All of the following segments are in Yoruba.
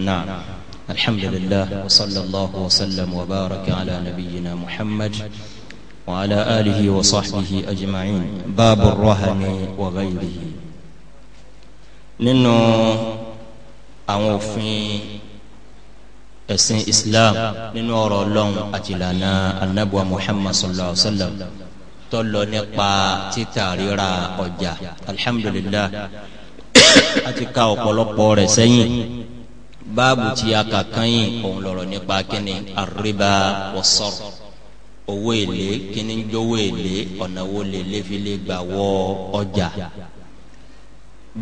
نعم الحمد لله وصلى الله وسلم وبارك على نبينا محمد وعلى آله وصحبه أجمعين باب الرهن وغيره ننو àwọn òfin ẹ̀sìn islam nínú ọ̀rọ̀ ọlọ́run àti ìlànà anabuwa muhammad sallallahu alaihi wa sallam tó lọ nípa títà rírà ọjà alhamdulillah a ti ka ọ̀pọ̀lọpọ̀ rẹ̀ sẹ́yìn báàbù tí a kà kán yìí òun lọ̀rọ̀ nípa kíni àríbá wọ́sọ̀rọ̀ owó èlé kíni ń jówó èlé ọ̀nà wo lè léfilé gbà wọ ọjà.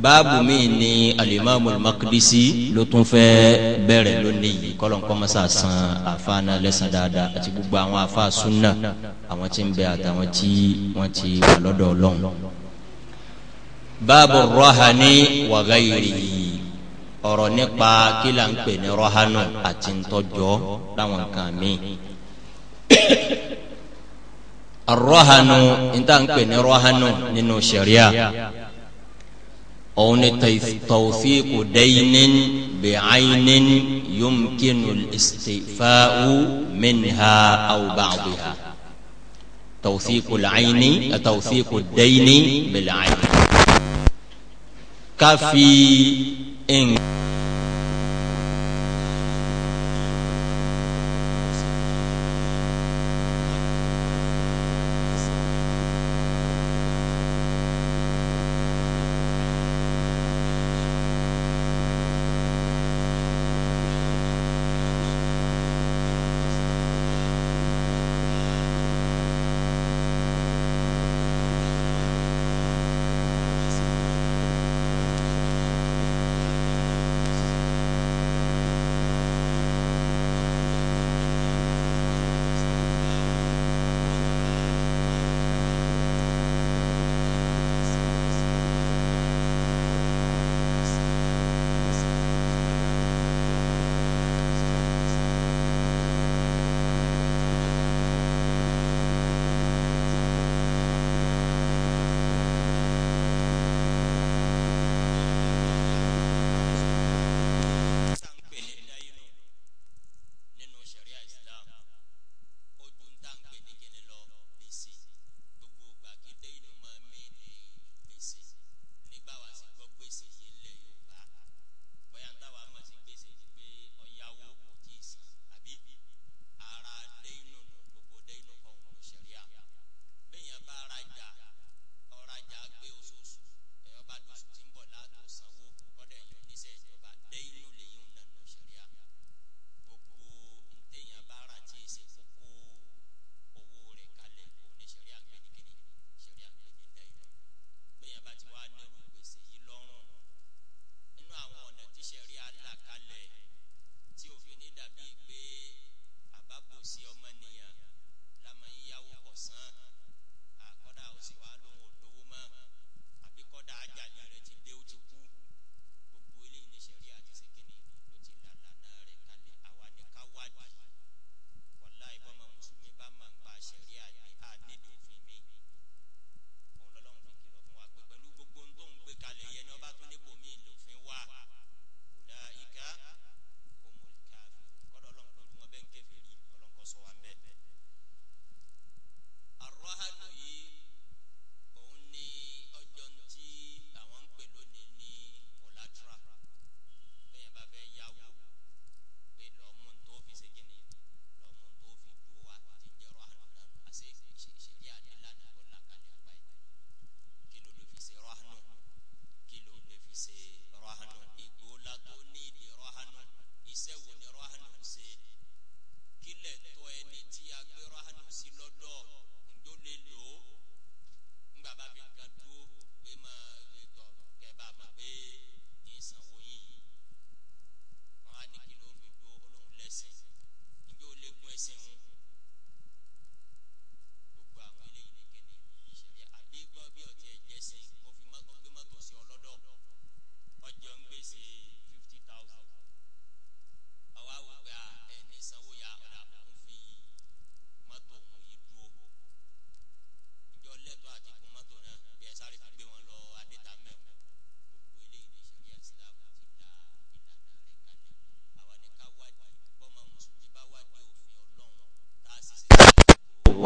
báàbù mi ni alimami makidisi ló tún fẹ́ bẹ̀rẹ̀ lónìí yìí kọ́lọ́n kọ́mọ́sá san àfáàná lẹ́sàn dáadáa àti gbogbo àwọn àfáà súnà àwọn tí ń bẹ àtàwọn tí wọ́n ti wà lọ́dọ̀ báàbù rọ́hání wàgáyìrì ọ̀rọ̀ nípa kí là ń pè ní rọ́hánù àti ntọ́jọ́ láwọn nǹkan mi. rọ́hánù níta ń pè ní rọ́hánù nínú sẹ̀ríà òun ni tawfiqu daynin bi'aynin yumkinu al-istifa'u minha aw ba'diha tawfiqu al-ayni tawfiqu ad-dayni bil-ayni ká fi. in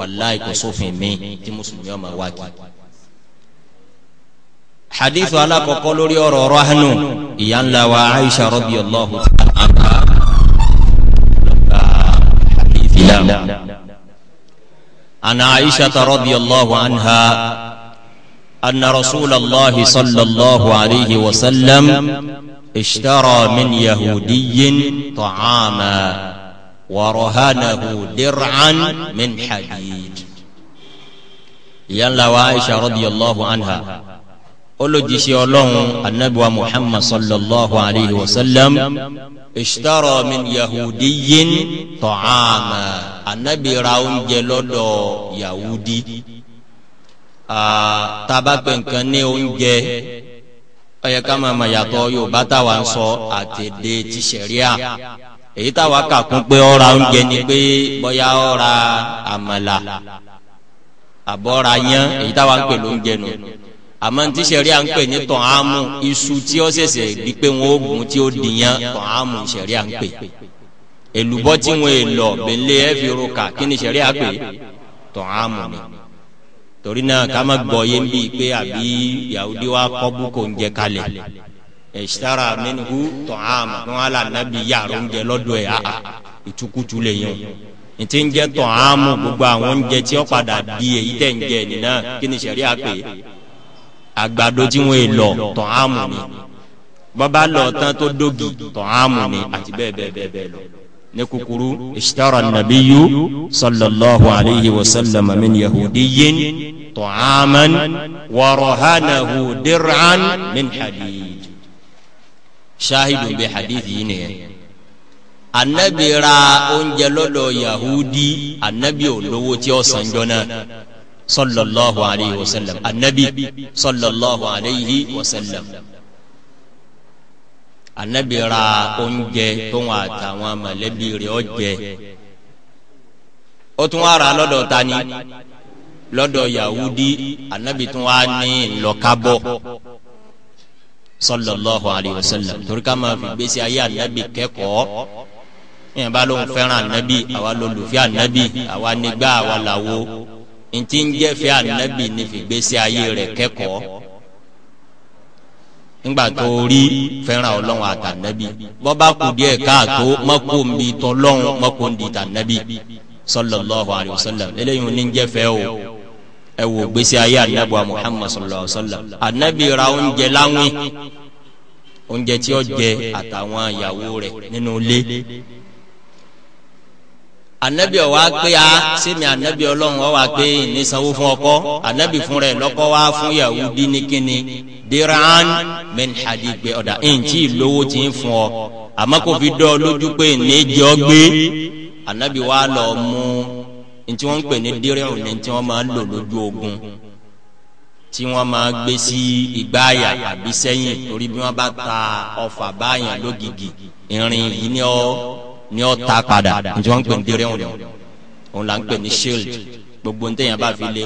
wàláì kò sófin mi tí mùsùlùmí ọmọ wa kì. hadith alakọ̀kọ́ lórí ọ̀rọ̀ rahnu ìyá ńlá wa aisha radiyallahu ta'ala anha hadith ìlànà. عن عائشة رضي الله عنها أن رسول الله صلى الله عليه وسلم اشترى من يهودي طعاما ورهنه درعا من حديد ìyá ńlá wa aisha radiyallahu anha olójúṣe ọlọ́run anabiwa muhammad sallallahu alayhi wa sallam ishtara min yahudiyin ta'ama anabi ra oúnjẹ lọ́dọ̀ yahudi tabapẹ̀ nǹkan ní oúnjẹ ó yẹ ká máa ma yàtọ̀ yorùbá táwa ń sọ àtẹ̀dé ti sẹ̀ríà èyí táwa kà pé ó oúnjẹ ni pé bóyá ó àmàlà àbọ̀ra yán èyí táwa ń pè ló ń jẹnu àmọ́ tí sẹ̀rí à ń pè ní tọ̀ ámù iṣu tí ó ṣẹ̀ṣẹ̀ di pé wọn ó gùn tí ó di yán tọ̀ ámù sẹ̀rí à ń pè èlùbọ́ tí wọn èlò bẹ̀lẹ́ ẹ̀ fi roka kí ni sẹ̀rí à pè tọ̀ ámù ni torí náà ká má gbọ́ yé bíi pé àbí yahudi wa kọ́ búkọ oúnjẹ kalẹ̀ ẹ̀ṣitara minhu tọ̀ ámù wọn á là nábì yàrá oúnjẹ lọ́dọ̀ ẹ̀ àà ìtukùtù lè yàn ntí ń jẹ tọ̀ ámú gbogbo àwọn oúnjẹ tí ó padà di èyí tẹ̀ ń jẹ nínà kí ni sẹ̀rí àpè àgbàdo tí wọ́n lọ tọ̀ ámú ni bàbá lọ tán tó dógi tọ̀ ámú ni àti bẹ́ẹ̀ bẹ́ẹ̀ bẹ́ẹ̀ bẹ́ẹ̀ lọ. ní kúkúrú ishtara nabiyu sallallahu alayhi wa sallam min yahudiyin tọ̀ ámán wa dir'an min hadid. shahidu bi hadith yìí nìyẹn anabi ra oúnjẹ lọ́dọ̀ yahudi anabi olówó tí ó san jọ́nà sallallahu alayhi wa sallam anabi sallallahu alayhi wa sallam anabi ra oúnjẹ tó ń àtàwọn mọ̀lẹ́bí rẹ̀ ọ̀jẹ̀ ó tún wá ra lọ́dọ̀ tani lọ́dọ̀ yahudi anabi tún wá ní ńlọkábọ̀ sallallahu alayhi wa sallam torí ká máa fi gbèsè ayé anabi kẹ́kọ̀ọ́ yẹn bá lóun fẹ́ràn anabi àwa lólùfẹ́ anabi àwa nígbà àwa làwo ntí ń jẹ́ fẹ́ anabi ní fìgbésí ayé rẹ̀ kẹ́kọ̀ọ́ nígbà tó rí fẹ́ràn ọlọ́run àtànẹ́bí bọ́bá kù díẹ̀ káàtó mọ́kò ń bi tọ́lọ́run mọ́kò ń di tànẹ́bí sallallahu alayhi wa sallam eléyìí ní jẹ́ fẹ́ o ẹ wò gbèsè ayé anabi wa muhammad sallallahu alayhi wa sallam anabi ra oúnjẹ láwìn oúnjẹ tí ó jẹ àtàwọn ìyàwó rẹ̀ nínú ilé anabi ọ wa pe a sẹmi anabi Ọlọ́run ọ wa pe nisanwó fún ọkọ anabi fún rẹ lọkọ wa fún Yahudi ní kíni diran menhadi gbé ọdà ẹnjí lówó ti ń fún ọ àmọ́ kò fi dọ lójú pé níjọ gbé anabi wa lọ mú ntí wọn ń pè ní diran ní ntí wọn máa ń lò lójú ogun tí wọn máa gbé sí ìgbáyà àbí sẹ́yìn torí bí wọn bá ta ọfà báyà lógìgì ìrìn yìí ni ọ ni ọ ta padà njẹ wọn pè ní wọn òun là ń pè ní shield gbogbo ní tẹ̀yìn bá fi lè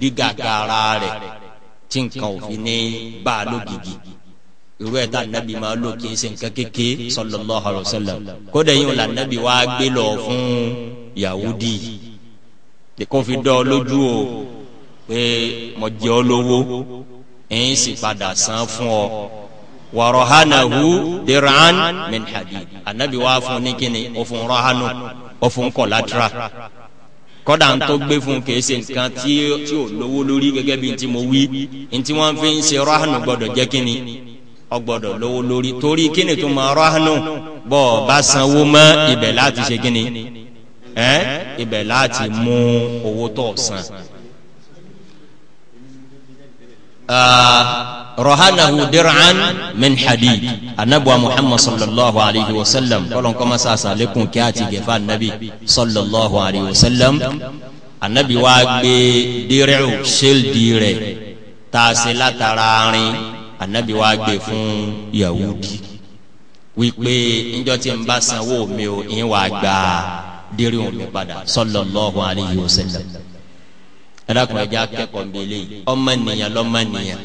dígà gara rẹ̀ tí nǹkan òfin ní bá a lógìgì irú ẹ̀ tá nàbì máa lò kí n ṣe nǹkan kéke sallallahu alaihi wasallam kódà yìí wọn Nabi nàbì wá gbé lọ fún Yahudi kó fi dọ́ ọ lójú o pé mo jẹ́ ọ lówó ẹ̀yìn sì padà san fún ọ wàrọ̀hánahu dir'an min hadid anabi wa fún ní kíni òfun rọ̀hánu òfun kọ̀látra kọ́dà ń tó gbé fún kèése nǹkan tí tí ò lówó lórí gẹ́gẹ́ bí ti mo wí ntí wọ́n fi ń ṣe rọ́hánù gbọ́dọ̀ jẹ́ kínni ọgbọ́dọ̀ lówó lórí torí kínni tó máa rọ́hánù bọ́ ọ bá sanwó mọ́ ibẹ̀ láti ṣe kínni ẹ́ ibẹ̀ láti mú owó tó san rọ̀hánàhù dir'an min hadid anabuwa muhammad sallallahu alayhi wa sallam kọlọ́n kọ́ masa asalekun kí a ti gẹ̀fà anabi sallallahu alayhi wa sallam anabi wa gbé dir'u ṣèldi rẹ̀ taasi latara arin anabi wa gbé fún yahudi wípé njọ́ tí n bá sanwó mi o ń wá gba dir'u mi padà sallallahu alayhi wa sallam ẹ̀dàkùn ẹ̀jẹ̀ akẹ́kọ̀ọ́ nbẹ̀lẹ̀ ọmọ nìyẹn lọ́mọ nìyẹn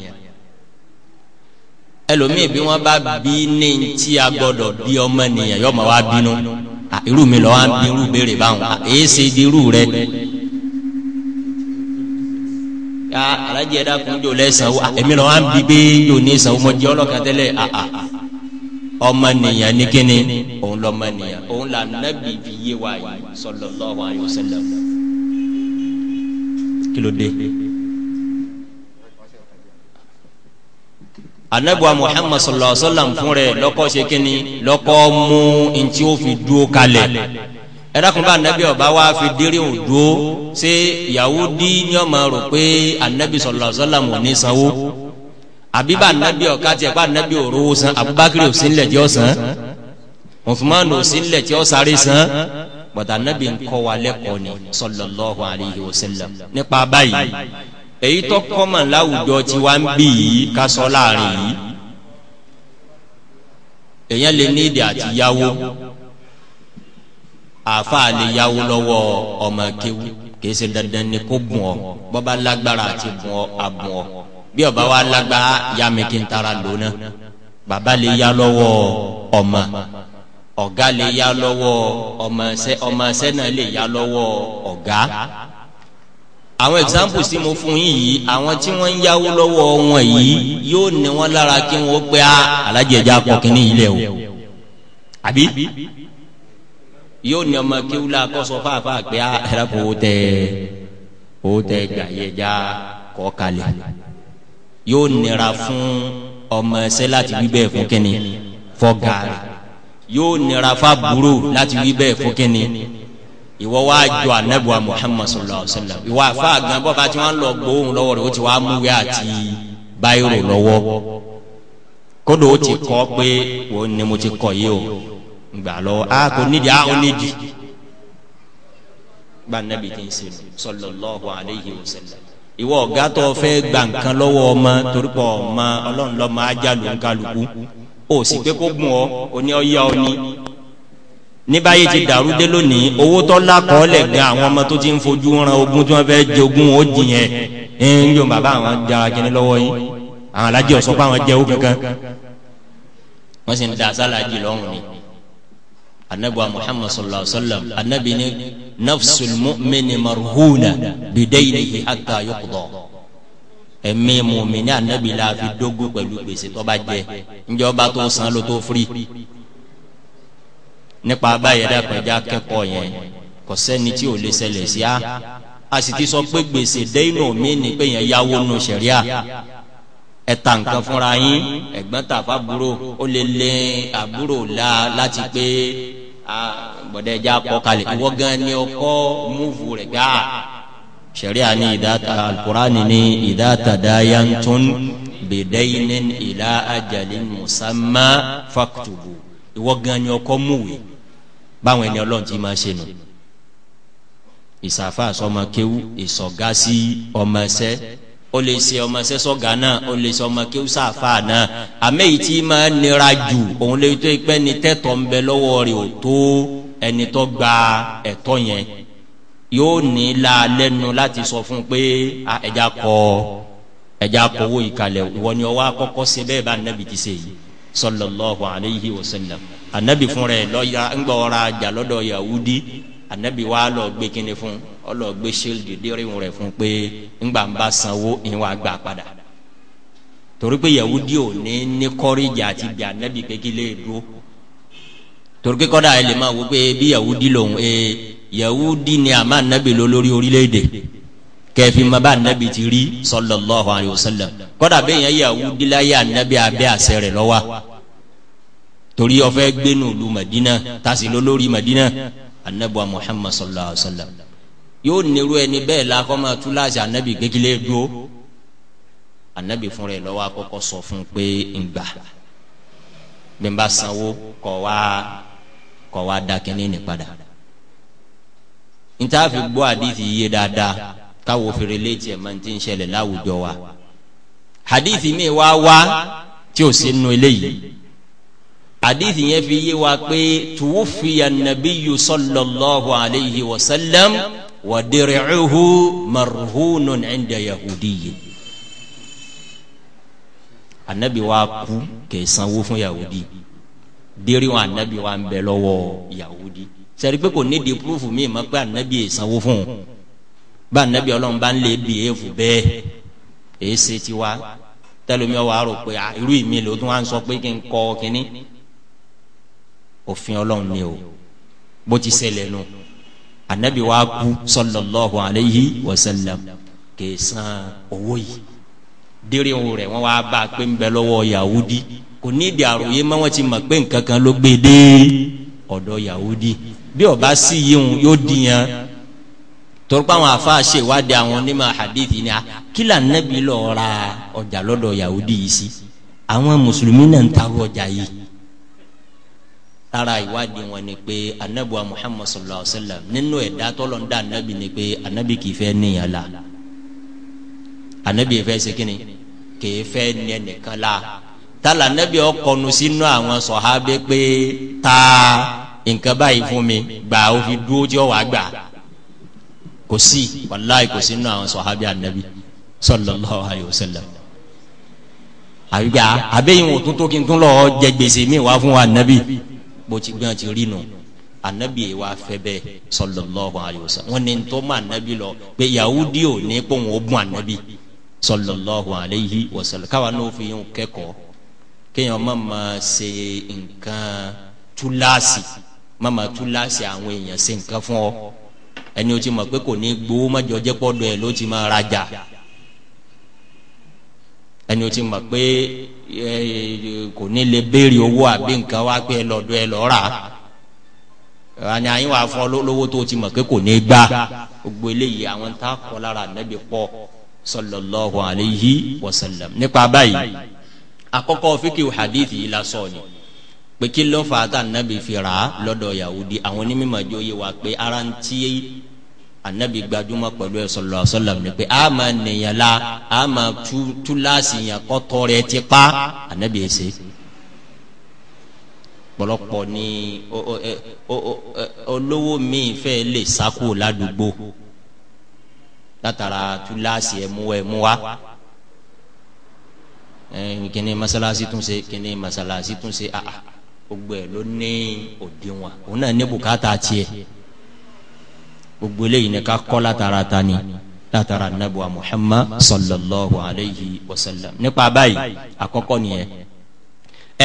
ẹlòmíì bí wọ́n bá bí ní ntí agbọ́dọ̀ bí ọmọ nìyẹn yọmọ wa bínú irú mi lọ́wọ́ à ń bí irú béèrè báwọn èyí ṣe di irú rẹ ka alajẹ da kun jo lẹ sanwó èmi lọ wọn bi gbé jo ní sanwó mọ jẹ ọlọkà ọmọ nìyẹn ní kíni òun lọ nìyẹn òun là nàbì fi yé wa yìí sallallahu alaihi wasallam kí anabiwa muhammad sallallahu alaihi wa sallam fún rẹ̀ lọkọ ṣe kínní lọkọ mú ntí ó fi dúró kalẹ̀ ẹdàkùn bá anabi ọba wa fi déré òdo ṣé yahudi ní ọmọ rò pé anabi sallallahu alaihi wa sallam ò ní sanwó àbí bá anabi ọ̀ka tiẹ̀ bá anabi òróró san abubakar ò sí nílẹ̀ tí ó san usman san bàtà anabi ńkọ́ wa lẹ́kọ̀ọ́ ni sallallahu alayhi wa sallam nípa báyìí èyí tó kọ́mọ̀ láwùjọ tí wàá ń bì yìí ká sọ láàrin yìí èyàn lè ní èdè àti yáwó àfa lè yáwó lọ́wọ́ ọmọ kéwú kìí dandan ni kó bùn ọ bọ́ba lágbára àti bùn ọ àbùn ọ bí ọba wa lágbára yá mi kí n tara lónà bàbá lè yá lọ́wọ́ ọmọ ọ̀gá lè yá lọ́wọ́ ọmọọṣẹ́ ọmọọṣẹ́ náà lè yá lọ́wọ́ ọ̀gá. àwọn example tí mo fún yín yìí àwọn tí wọ́n ń yáwó lọ́wọ́ wọn yìí yóò ní wọn lára kí wọ́n pé a alájẹjẹ akọkìnrin yìí lẹ̀ o àbí yóò ní ọmọ kéwúlá kọ́sọ́ fáfá pé a ah, ẹ̀rọ tẹ kò tẹ gbàyẹjà kọ́ yóò nira fún ọmọọṣẹ́ láti wí bẹ́ẹ̀ fún kínní fọ́gàrì. yóò nira fa buru láti wí bẹ́ẹ̀ fún kínní wa wá jọ anabuwa muhammad sallallahu alaihi wa sallam ìwọ afa gan bọ́ fati wọn lọ gbóhùn lọ́wọ́ rẹ̀ o ti wá múwé àti báyìí lọ́wọ́ kódò o ti kọ́ pé o ní mo ti kọ́ yìí o gbà lọ a kò nídìí a ò nídìí gba anabi tí ń ṣe sallallahu alaihi wa sallam ìwọ ọ̀gá fẹ́ gba nǹkan lọ́wọ́ ọmọ torí ọmọ ọlọ́run lọ́mọ ń kálukú. o sì pé kó gùn ọ o ní ọyá ọ ní ní báyìí ti dàrú dé lónìí owó tó lákọọ́lẹ̀ gan àwọn ọmọ tó ti ń fojú ran ogún tí wọ́n fẹ́ jogún ó dìyẹn ẹ̀ ń yọ bàbá àwọn jara kínní lọ́wọ́ yín àwọn alájẹ ọ̀sọ́ pé àwọn jẹ́ ogún kankan wọ́n sì ń da asálàjì lọ́rùn ni anabi wa sallallahu alaihi wa sallam anabi ni nafsul mu'mini marhuna bidaynihi hatta yuqda ẹ̀mí mùmíní ànábì la fi dógún pẹ̀lú gbèsè tó bá jẹ ǹjẹ́ ọba tó san ló tó firi nípa abáyẹ̀ dàpẹ̀já kẹ́kọ̀ọ́ yẹn kò sẹ́ni tí ò lè ṣẹlẹ̀ sí a a sì ti sọ pé gbèsè dẹ́yìn omi ni pé yẹn yáwó nù sẹ̀ríà ẹ̀ta nǹkan fúnra yín ẹ̀gbọ́n tàfà búrò ó lè lé àbúrò la láti pé gbọ̀dẹ̀já ah, kọ́ kalẹ̀ ìwọ gan ni ọkọ́ múùfù rẹ̀ gáà sariya ni idata alkurani ni idata dayantun bidayinin ila ajalin musamma faktubu ìwọ gan ni ọkọ múwe báwọn ẹni Ọlọ́run ti máa ṣe nù ìsàfà sọmọ kéwú ìsọgá sí ọmọọṣẹ ó lè ṣe ọmọọṣẹ sọgá náà ó lè ṣe ọmọ kéwú sàfà náà àmẹyìí tí máa nira jù òun lè tó ipẹ ni tẹtọ ń bẹ lọ́wọ́ rẹ̀ ò tó ẹni tó gba ẹ̀tọ́ yẹn. yóò ní la láti sọ fún pé ẹja kọ ẹja ìkàlẹ̀ wọ́n ni ọwọ́ akọ́kọ́ ṣe bẹ́ẹ̀ bá anabi ti ṣe yìí sallallahu alayhi wa sallam anabi fún rẹ lọ́yà ńgbọ́ra jà yahudi anabi wa lọ gbé kíni fún ọlọ gbé shield dérìn rẹ fún pé ńgbà ń padà torí yahudi ò ní ní kọ́ríjà àti bí anabi pé dúró torí pé kọ́dà ẹ lè máa wọ pé bí ee. yahudi ni a ma nabi lolórí orílẹ̀-èdè kẹfì ma bá nabi ti rí sallallahu alayhi wa sallam kọ́dà bẹ́ẹ̀ yẹn yahudi la yà nabi abẹ́ àṣẹ rẹ̀ lọ́wọ́ torí ó fẹ́ gbénu lu madina tasi lolórí madina anabi wa muhammad sallallahu alayhi wa sallam yóò nírú ẹni bẹ́ẹ̀ la kọ́ ma tú láti anabi kékeré dúró anabi fúnra ẹ lọ́wọ́ akọ́kọ́ sọ fún pé ngbà bí n bá sanwó kọ́ wa kọ́ wa dákẹ́ ní ní padà níta fi gbọ́ àdìsí yé dáadáa káwọ́ fèrè létí ẹ̀ máa ti ń ṣẹlẹ̀ láwùjọ wa àdìsí mi wá wá tí ò sí nu eléyìí àdìsí yẹn fi yé wa pé tuwufiya nabiyu sallallahu alayhi wa sallam wa dir'ihu marhunun inda yahudiyi anabi wa ku kẹsàn-án fún yahudi diri wọn anabi wa ń bẹ lọ́wọ́ yahudi sẹ́rí pé kò ní di púrúfù mi ma pé ànábì ìsanwó fún un bá ànábì ọlọ́run bá ń lè bì é fún bẹ́ẹ̀ èyí ṣe ti wá tẹlomi ọwọ́ àrò pé ah, irú mi ló tún wá ń sọ pé kí n kọ́ kínní òfin ọlọ́run ni o bó ti ṣẹlẹ̀ nu ànábì wa kú sallallahu alayhi wa sallam kì í san owó yìí dérèwò rẹ̀ wọ́n wá bá a pé ń bẹ lọ́wọ́ Yahudi kò ní ìdí àròyé mọ́ wọ́n ti mọ̀ pé nǹkan kan ló gbé dé ọ̀dọ̀ Yahudi bí ọba sí yíhun yóò dìyàn torípa àwọn àfáà ṣe ìwádìí àwọn onímọ̀ hadithi ni a kílà nẹ́bí lọ ra ọjà lọ́dọ̀ yahudi yìí sí àwọn mùsùlùmí náà ń tarú ọjà yìí lára ìwádìí wọn ni pé anabuwa muhammad sallallahu alaihi wa sallam nínú ẹ̀dá tọ́lọ̀ ń dá anabi ni pé anabi kì í fẹ́ níyàn la anabi fẹ́ ṣe kíni kì í fẹ́ ní ẹnìkan la tala anabi ọkọ̀nu sínú àwọn sọ̀hábẹ́ pé taa nǹkan báyìí fún mi gbà ó fi dúró jọ wàá gbà kò sí wàláì kò sí nínú àwọn sọ̀hábí ànábì sallallahu alayhi wa sallam àbígbà àbẹ́yìn wò tuntun kí n tún lọ jẹ gbèsè mi wá fún wa ànábì bó ti gbọ́n ti rí nu ànábì yìí wá fẹ́ bẹ́ẹ̀ sallallahu alayhi wa sallam wọ́n ní tó mọ ànábì lọ pé yahudi ò ní kó wọn ó ànábì sallallahu alayhi wa sallam káwa náà fi yín kẹ́kọ̀ọ́ kéèyàn má ma ṣe nǹkan túláàsì mama tu láàsì àwọn èèyàn ṣe nǹkan fún ọ ẹni o ti mọ̀ pé kò ní gbowó mọ́jọ jẹ́ pọ́dọ̀ ẹ̀ ló ti máa rajà ẹni o ti mọ̀ pé kò ní lè béèrè owó àbí nǹkan wá pé lọ́dọ̀ ẹ lọ́ọ́ rà àní àyín wàá fọ lówó tó ti mọ̀ pé kò ní gbà gbogbo eléyìí àwọn tá a kọ́ lára nẹ́bí pọ̀ sallallahu alayhi wa sallam nípa báyìí àkọ́kọ́ fíkì hadithi yìí la ni pé kí ló fà á tà nàbì fi rà á lọ́dọ̀ yahudi àwọn onímọ̀jọ yé wa pé ara ń tí anabi gbajúmọ̀ pẹ̀lú ẹ̀ sọlọ sọlọ ni pé a máa nìyẹn la a máa tú láàsì yẹn kọ́tọ́ rẹ ti pa anabi ẹ̀ sẹ́ pọ̀lọpọ̀ ni e, e, olówó miin fẹ́ lè sako ládùúgbò látara tú láàsì ẹ̀mú ẹ̀mú wa kíni masalasi tún ṣe kíni masalasi tún ṣe ah ah gbogbo ẹ̀ ló ní òdiwọ̀n òun náà ní bùkátà tiẹ̀ gbogbo eléyìí ni ká kọ́ látara ta ni látara nabuwa muhammad sallallahu alayhi wa sallam nípa báyìí àkọ́kọ́ nìyẹn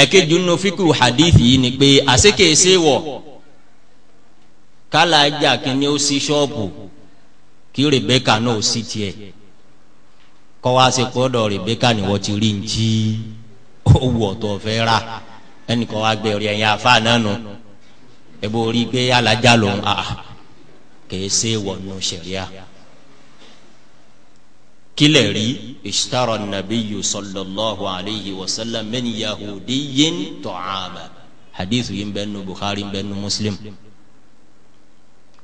ẹ̀kejì nínú fíkù hadithi yìí ni pé àsekèsè wọ̀ kálá ajá kínní ó sí ṣọ́ọ̀bù kí rebeka náà ó sí tiẹ̀ kọ́ wa ṣe pọ́dọ̀ rebeka ni wọ́n ti rí ń jí owó ọ̀tọ̀ fẹ́ rà ẹnìkan wá gbé orí ẹ̀yìn àfa náà nù ẹ̀bù orí gbé alájà lòun àà kìí ṣe wọnú sẹ̀ríà kílẹ̀ rí ishtara nabiyyu sallallahu alayhi wa sallam min yahudiyyin ta'ama hadithu yìí ń bẹ nu bukhari ń bẹ nu muslim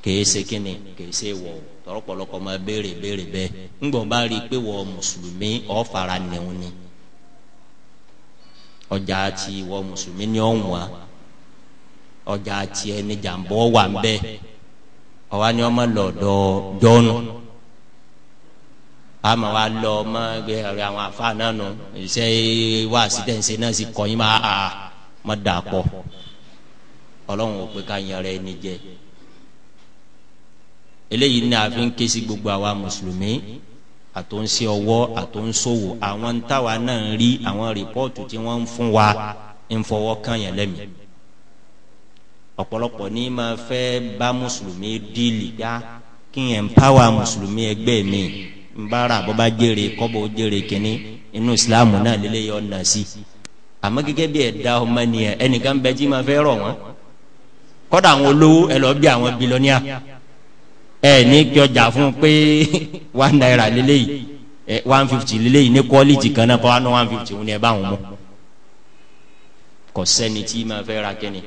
kìí ṣe kíni kìí ṣe wọ tọrọpọlọpọ máa béèrè béèrè bẹ́ẹ̀ ńgbọ̀n bá rí i pé wọ mùsùlùmí ọ̀ fara nìhun ni. ọjà àti ìwọ mùsùlùmí ni ọ̀ ọjà àti ẹni jàǹbọ̀ wà ń bẹ́ẹ̀ ni ọmọ lọ́dọ̀ jọ́nù wa lọ ọmọ ẹrẹ àwọn afáà náà nù ṣe wá àṣìdẹ́nṣe náà sì máa a má dà pọ̀ ọlọ́run ò pé ká yan ara ẹni jẹ eléyìí ni a fi ń gbogbo àwa mùsùlùmí àtúnṣe ọwọ́ àtúnṣòwò àwọn táwa náà ń rí àwọn rìpọ́ọ̀tù tí wọ́n ń fún wa ń fọwọ́ kàn yẹn lẹ́mìí ọ̀pọ̀lọpọ̀ ní máa fẹ́ bá mùsùlùmí díìlì dá kí n ẹ̀mpáwà mùsùlùmí ẹgbẹ́ mi ń bára bọ́ bá jèrè kọ́bọ̀ ó jèrè kínní inú ìsìláàmù náà lélẹ́ yọ ọ̀nà sí i àmọ́ gẹ́gẹ́ bí ẹ̀dá ọmọ nìyẹn ẹnìkan bẹ jí máa fẹ́ rọ̀ wọ́n kọ́dà àwọn olówó ẹ lọ bí àwọn bilọ́níà ẹ ní kí ọjà fún pé one naira lélẹ́yìí one fifty lélẹ́yìí ní quality kan náà kọ́ one fifty wọn ni ẹ bá wọn mọ́ kò sẹ́ni tí ma fẹ́ ra kẹ́ni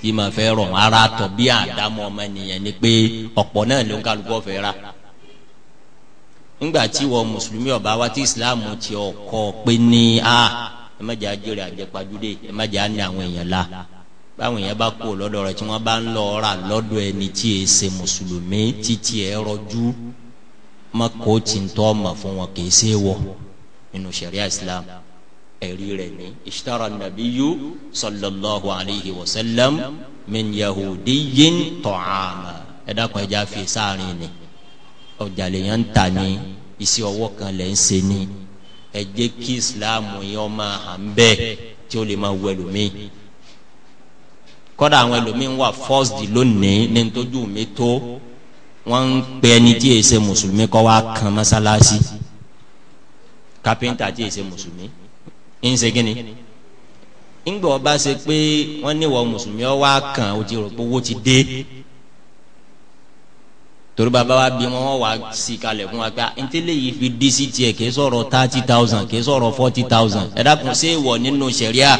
tí ma fẹ́ rọ̀ ara tọ̀ bí àdámọ́ ọmọ nìyẹn ni pé ọ̀pọ̀ náà ló ń kálukọ́ fẹ́ ra ńgbà wọ mùsùlùmí ọba wa tí ìsìláàmù ti ọkọ pé ní a ah, ẹ má jẹ́ àjẹrè àjẹpajúdé ẹ má jẹ́ àní àwọn èèyàn la báwọn yẹn bá kó lọ́dọ̀ rẹ̀ tí wọ́n bá ń lọ ra lọ́dọ̀ ẹni tí e ṣe mùsùlùmí títí ẹ rọjú má kó tí ń fún wọn kì í ṣe wọ nínú sẹ̀ríà islam ẹ̀rí rẹ̀ ní ishtara nabiyu sallallahu alayhi wa sallam min yahudiyin ta'ama ẹ dákun ẹja fi sáàrin ni ọjà lèèyàn ń ta ni iṣẹ́ ọwọ́ kan lẹ ń ṣe ni ẹ jẹ́ kí islam yẹn ọmọ hàn bẹ́ẹ̀ tí ó lè máa wẹlùmí kọ́dà àwọn ẹlòmíín wà first lónìí ní ntọ́jú mi tó wọ́n ń pe ẹni tí yẹ ṣe mùsùlùmí kọ́ wá kan mọ́sálásí kápẹ́ńtà tí yẹ ṣe mùsùlùmí ń ṣe kí ni ńgbà ọba ṣe pé wọ́n níwọ̀ mùsùlùmí ọ wá kan ó ti rò pé owó ti dé torí bàbá wa bí wọn wà sí kalẹ̀ fún wa pé ntẹ́lẹ̀ yìí fi dí sí tiẹ̀ kì í sọ̀rọ̀ thirty thousand kì í sọ̀rọ̀ forty thousand ẹ̀dá kun ṣé wọ̀ nínú sẹ̀ríà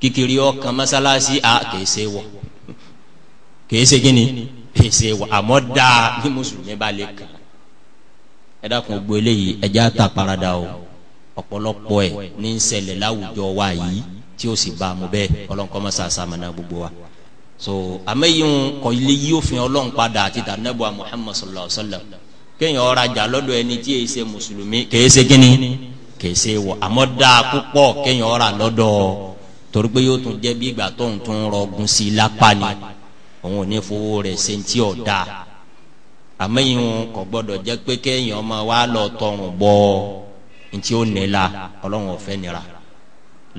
kíkiri ọkàn masalasi a kèsè wọ kèsè gini kèsè wọ àmọ́ daa ní mùsùlùmí bá lè kàn ẹ dákun gbọ́ eléyìí ẹ já ta parada o ọ̀pọ̀lọpọ̀ ẹ̀ ní ń ṣẹlẹ̀ láwùjọ wa yìí tí ó sì bá a mú bẹ́ẹ̀ ọlọ́nkọ́ mọ́sá sàmánà gbogbo wa so àmẹ́yìn kọ́ ilé yìí òfin ọlọ́run padà àti tànẹ́bù Muhammad sallallahu alayhi wa sallam kéèyàn ọ̀rajà lọ́dọ̀ ẹni tí èyí ṣe mùsùlùmí kèé ṣe kínní kèé ṣe wọ̀ púpọ̀ kéèyàn ọ̀rà lọ́dọ̀ torí pé yóò tún jẹ́ bí ìgbà tó ń tún rọgùn sí i lápá ni òun ò ní fowó rẹ̀ ṣe ń tí ò da àmẹ́yìn kò gbọ́dọ̀ jẹ́ pé kéèyàn ọmọ wa lọ tọrùn bọ ntí ó nílà ọlọ́run ọ̀fẹ́ nira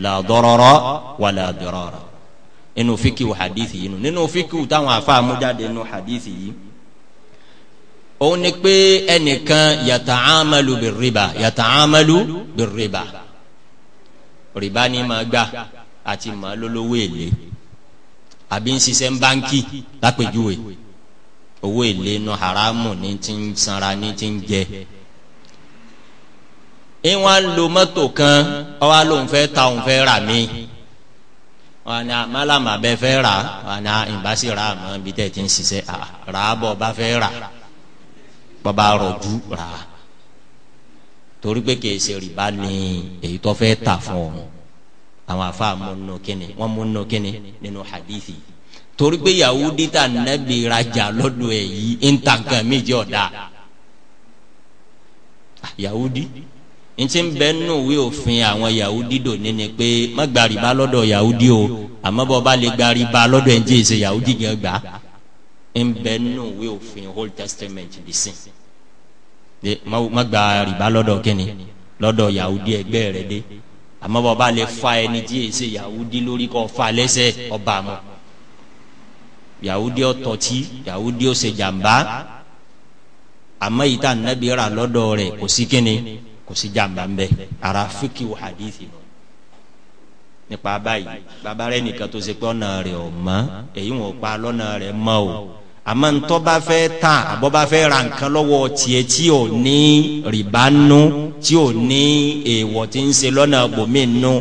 la dọ́rọ́rọ́ wà la dọ́rọ́rọ́ fíkìwù hadithi yìí nínú fíkìwù táwọn afa amújáde inú hadithi yìí òun ni pé ẹnìkan yata'amalu bir riba yata'amalu bir riba riba ni máa gbà àti màá lólówó èlé àbí ń ṣiṣẹ́ ń báńkì lápèjúwe owó èlé nu haramu ní ti ń sanra ní ti ń jẹ ń wá ń lo mọ́tò kan ọwá lòun fẹ́ ta òun fẹ́ rà mí wọn ni amálàmà ah, bẹ fẹ́ rà wọn ni ah, ìbáṣe mọ́ ibi tẹ̀ ti ń ṣiṣẹ́ rà bọ̀ bá fẹ́ rà bàbá rọ̀jú rà torí pé kìí ṣe rìbá ni èyí tó fẹ́ tà fún ọ àwọn afa múnú kíni wọn múnú kíni nínú hadithi torí pé yahudi ta nabi rajà lọ́dọ̀ ẹ̀ yìí ń ta nǹkan mi jẹ́ ọ̀dà ah, yahudi n ti bẹ nù wí òfin àwọn yahudi dò ní ni pé má gba rìbá lọ́dọ̀ yahudi o àmọ́ bọ́ bá lè gba rìbá lọ́dọ̀ ẹ̀ ń yahudi gẹ̀ gbà ń bẹ nù wí òfin old testament bí sìn má gba rìbá lọ́dọ̀ kíni yahudi ẹgbẹ́ rẹ dé àmọ́ bàbá lè fa ẹni tí èsè yahudi lórí kọ́ fa lẹ́sẹ̀ ọba mọ́ yahudi ọ̀tọ̀tí yahudi ọ̀sẹ̀ jàmbá àmọ́ yìí tá nàbí rà lọ́dọ̀ rẹ̀ kò sí kíni kò sí jàmbá ń bẹ ara fíkì wò hadithi nípa báyìí bàbá rẹ̀ nìkan tó ṣe pé ọ̀nà rẹ̀ ọ̀ mọ́ èyí wọn pa lọ́nà rẹ̀ mọ́ o àmọ́ ntọ́ bá fẹ́ ta àbọ̀ bá fẹ́ ra nǹkan lọ́wọ́ tiẹ̀ tí ò ní rìbá nú tí ò ní èèwọ̀ tí ń ṣe lọ́nà bòmí nú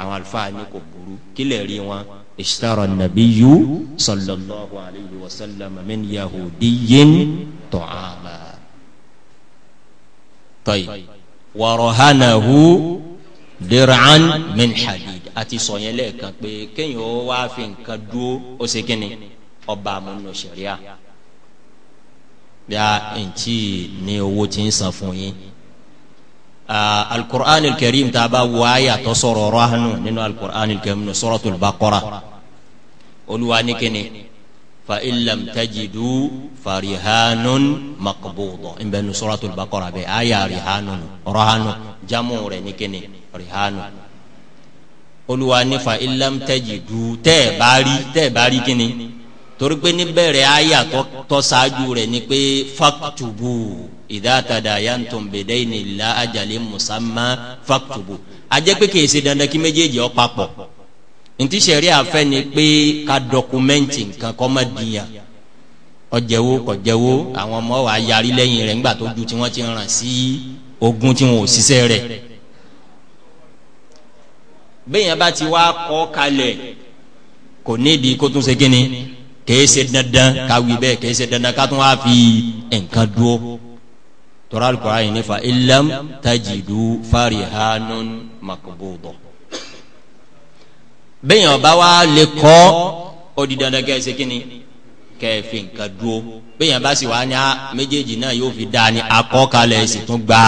àwọn àlùfáà ní kò burú kí lè rí wọn. اشترى النبي صلى الله عليه وسلم من يهودي طعاما طيب ورهنه درعا من حديد àti sọ yẹn pé kéèyàn wá fi nǹkan dúró ó ṣe kíni ọba àmúnú sẹríà bí a ntí ní owó tí ń san fún yín alukur'an karim tá a bá wọ ayé àtọ́sọ̀rọ̀ ọ̀rọ̀ ahanu nínú alukur'an karim nínú suratul baqara olúwa ní kíni fa ilam tajidu farihanun maqbuda nbẹ nínú suratul baqara bẹ ayé arihanun ọ̀rọ̀ ahanu jamu rẹ̀ ní kíni rihanu olúwa ní fa ilam tajidu tẹ́ẹ̀ bá rí tẹ́ẹ̀ kíni torí pé níbẹ̀rẹ̀ àyà tó ṣáájú rẹ̀ ni pé faktubu ìdáàtàdà yantum bidayni la ajalin musamma faktubu ajẹ́ pé kìí ṣe dandan kí méjèèjì ó papọ̀ ntí sẹ̀rí àfẹ́ ni pé ka dọkumẹ́ntì nǹkan kọ́ má dìyàn ọjẹwo kọjẹwo àwọn ọmọ wa yarí lẹ́yìn rẹ̀ nígbà tó ju tí wọ́n ti ràn sí ogun tí wọn ò ṣiṣẹ́ rẹ̀ bẹ́ẹ̀ yẹn bá ti wá kọ́ kalẹ̀ kò nídìí kèése dandan káwí bẹ́ẹ̀ kèése dandan kátó wá fi nǹkan dúró tọ́ra alukora yìí nífa ilam tajidu farihanun makbudo bẹ́ẹ̀ ọba wa lè kọ́ ó di dandan kẹ́ẹ̀sẹ̀ kínní kẹ́ẹ̀fì nǹkan dúró bẹ́ẹ̀ yẹn bá sì wá ní a ah, méjèèjì náà yóò fi dáa ní akọ́kalẹ̀ sì tún gba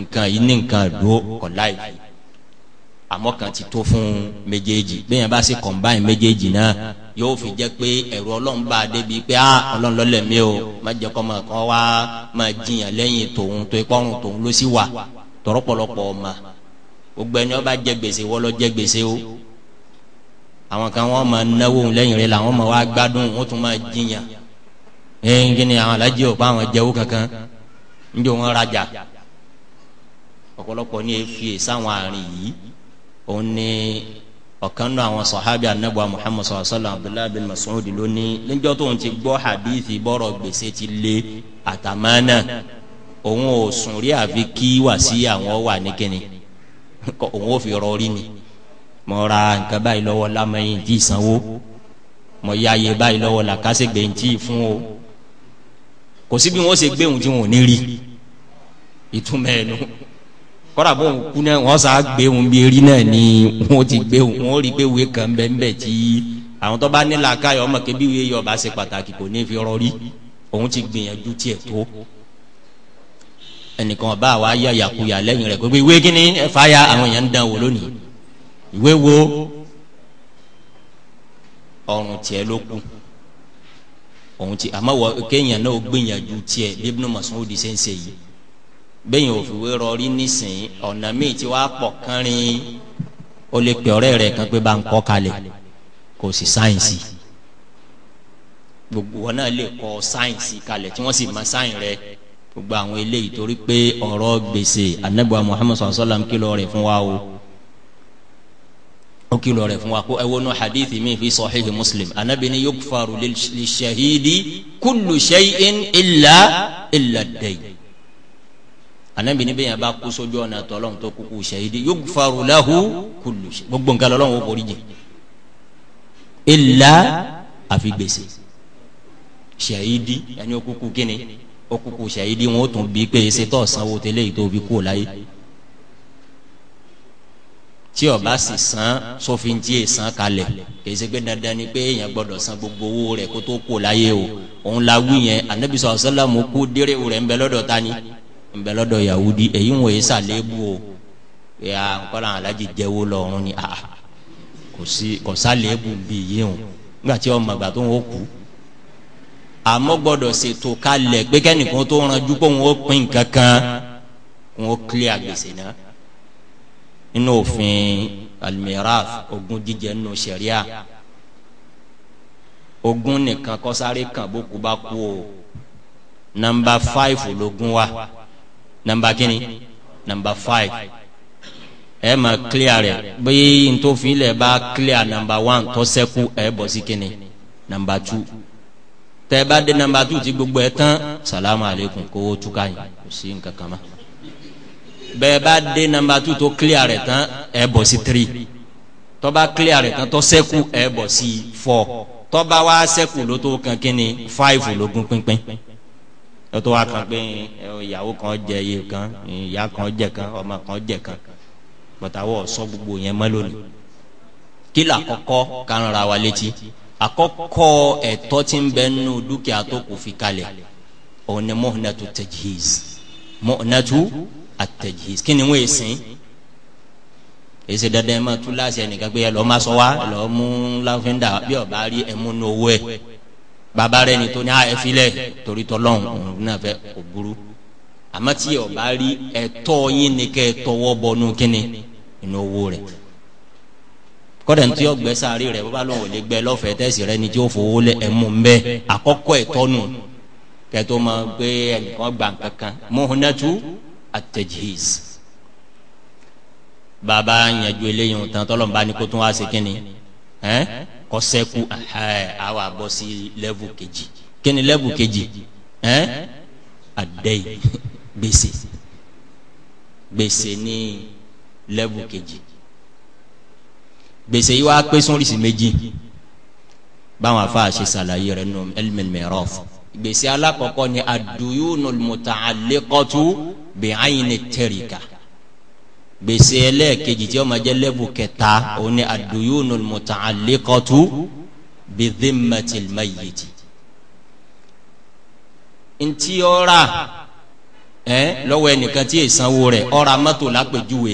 nǹkan yìí ní nǹkan dúró kọ̀ láì àmọ́ kan ti tó fún méjèèjì bẹ́ẹ̀ bá sì kọ̀ǹbáyìn méjèèjì náà yóò fi jẹ́ pé ẹ̀rù ọlọ́run bá a débi pé a ah, ọlọ́run lọ́lẹ̀ mi o má jẹ́ kọ́ máa kọ́ wá máa jiyàn lẹ́yìn tòun tó ikọ́run tòun ló sì wà tọ́rọ́pọ̀lọpọ̀ ọ̀ma gbogbo ẹni ọba jẹ gbèsè wọlọ jẹ gbèsè o àwọn kan wọn máa náwó lẹ́yìn rẹ làwọn máa wá gbádùn wọn tún máa jiyàn ẹ̀yìn kí àwọn alájí ò àwọn jẹ́wó kankan ń jẹ́ wọn rajà ọ̀pọ̀lọpọ̀ ní efi sáwọn àárín yìí òun ni ọ̀kan náà àwọn sọ̀hábì anábọ̀ muhammad sọ̀rọ̀ sọ̀rọ̀ abdullahi bin masoud lónìí níjọ́ tó ń ti gbọ́ hadithi bọ́rọ̀ gbèsè ti lé àtàmánà òun ò sùn rí àfi kí wà sí àwọn wà ní kíni òun ò fi rọrí ni mo ra nǹkan báyìí lọ́wọ́ lámẹ́yìn tí ìsanwó mo ya iye báyìí lọ́wọ́ làkàṣègbè ń tí fún o kò sí bí wọ́n ṣe gbé òun tí wọn ò ní rí ìtumọ̀ ẹ̀ nù kọ́ra bó ń kú náà wọ́n sá gbé wọn bí eré náà ni wọ́n ti gbé wọn wọ́n rí pé wíwé kan bẹ́ẹ̀ ń bẹ̀ tí àwọn tó bá ní làákàyè ọmọ kébí wíwé yọba ṣe pàtàkì kò ní fi rọrí òun ti gbìyànjú tiẹ̀ tó ẹnìkan ọba àwa yà yàkuyà lẹ́yìn rẹ̀ pé ìwé kíní fàyà àwọn èèyàn ń dán wò lónìí ìwé wo ọrùn tiẹ̀ ló kù òun ti àmọ́ wọ kéèyàn náà gbìyànjú tiẹ̀ bí bẹ́yìn òfìwé rọrí nísìnyí ọ̀nà míì tí wàá pọ̀ kánrin ó lè pè ọ̀rẹ́ rẹ̀ kan pé bá ń kọ́ kalẹ̀ kò sí sáyẹ̀nsì gbogbo wọn náà lè kọ́ sáyẹ̀nsì kalẹ̀ tí wọ́n sì mọ sáyẹ̀n rẹ̀ gbogbo àwọn eléyìí torí pé ọ̀rọ̀ gbèsè anabiwa muhammad sallallahu alayhi wa sallam kìlọ̀ rẹ̀ fún wa o ó kìlọ̀ rẹ̀ fún wa kó ẹ hadithi mi fi sahihi muslim anabi ni yukfaru lishahidi kullu shay'in illa illa dayn anabi níbi yẹn bá kú sójú ọ̀nà tọ́lọ́hún tó kúkú ṣahidi yugfaru lahu kullu shay gbogbo nǹkan lọ́lọ́hún ó borí jẹ illa àfi gbèsè ṣahidi yanni ó kúkú kíni ó kúkú ṣahidi wọn ó tún bí pé ṣe tó sanwó tẹ́lẹ̀ yìí tó fi kú láyé tí ó bá sì san sófin tí yé san kalẹ̀ kìí ṣe pé dandan ni pé èèyàn gbọ́dọ̀ san gbogbo owó rẹ̀ kó tó kú láyé o òun la wí yẹn anabi sọ nbẹlọdọ yahudi èyí ń wòye sàlébù o ya nkọlá alaji jẹwo lọrùn ni a kò sí kò sàlébù bí yìí o nígbà tí ọmọ àgbà tó ń kú àmọ́ gbọ́dọ̀ ṣètò kalẹ̀ pé kẹ́nìkan tó ranjú pé òun ó pín nǹkan kan òun ó àgbèsè náà nínú òfin almiraf ogún jíjẹ nínú ṣẹ̀ríà ogún nìkan kọsáré kan bó kú bá kú o nàmbà fáìfù lógún wa nàmbà kínní nàmbà five ẹ mà clear rẹ bẹ́ẹ̀ ntòfilẹ̀ bá clear nàmbà one tó ṣẹ́kù ẹ bọ̀ sí two tẹ́ ba de nàmbà two ti gbogbo ẹ tán salamu aleykum kó o túká yìí kò sí nǹkan kan mọ́ bẹ́ẹ̀ bá two to clear rẹ tán ẹ bọ̀ three tó clear rẹ tán tó ṣẹ́kù ẹ four tó wa wá ṣẹ́kù ló five ló gún ó tó wá kan pé ìyàwó kan jẹ iye kan ìyá kan jẹ kan ọmọ kan jẹ kan pọtàwọ sọ gbogbo yẹn mọ lónìí kí là kọ́kọ́ kárán ra wa létí àkọ́kọ́ ẹ̀tọ́ tí ń bẹ nínú dúkìá tó kù fi kalẹ̀ òun ni mọ̀nàtú tajhiz mọ̀nàtú àtajhiz kí ni wọ́n yẹ sìn èsì dandan ẹ máa tú láti ẹnìkan pé ẹ lọ́ọ́ máa sọ wá ẹ lọ́ọ́ mú láfíńdà bí ọba rí ẹ mú nínú owó ẹ bàbá rẹ̀ ni tó ní àfilẹ̀ torí tọ́lọ́hún òun náà fẹ́ kò burú àmọ́ tí ẹ bá rí ẹ̀tọ́ yín ni kẹ́ ẹ tọwọ́ bọnú kínní inú owó rẹ̀ kọ́dà tí yóò gbẹ sáré rẹ̀ bọ́bá lóun ò lè gbẹ lọ́fẹ̀ẹ́ tẹ̀sí rẹ ni tí ó fowó lé ẹ̀mú ń bẹ́ àkọ́kọ́ ẹ̀tọ́ nù kẹ́tọ́ mọ pé ẹnìkan gbà kankan mọ́húnátú àtẹ̀jìhìs bàbá yẹn ju eléyìí tán tọ́lọ́mùbá ni kó tún wá sí kínní kọsẹku awa abọ sí lẹ́vù kejì kíni lẹ́vù kejì ẹ adẹ́yì gbèsè gbèsè ní lẹ́vù kejì gbèsè yìí wá pé sóríṣi méjì báwọn afa ṣe ṣàlàyé rẹ̀ nù ilmil miraf gbèsè alákọ̀ọ́kọ́ ni aduyunul muta'alliqatu bi'ayni tarika gbèsè ẹlẹ́ẹ̀kejì tí ó máa jẹ́ lẹ́bù kẹta òun ni ad-duyunul muta'alliqatu bi dhimmatil mayyiti ntí ọ̀ra ẹ lọ́wọ́ ẹnìkan tí ìsanwó rẹ̀ ọ̀ra mọ́tò lápèjúwe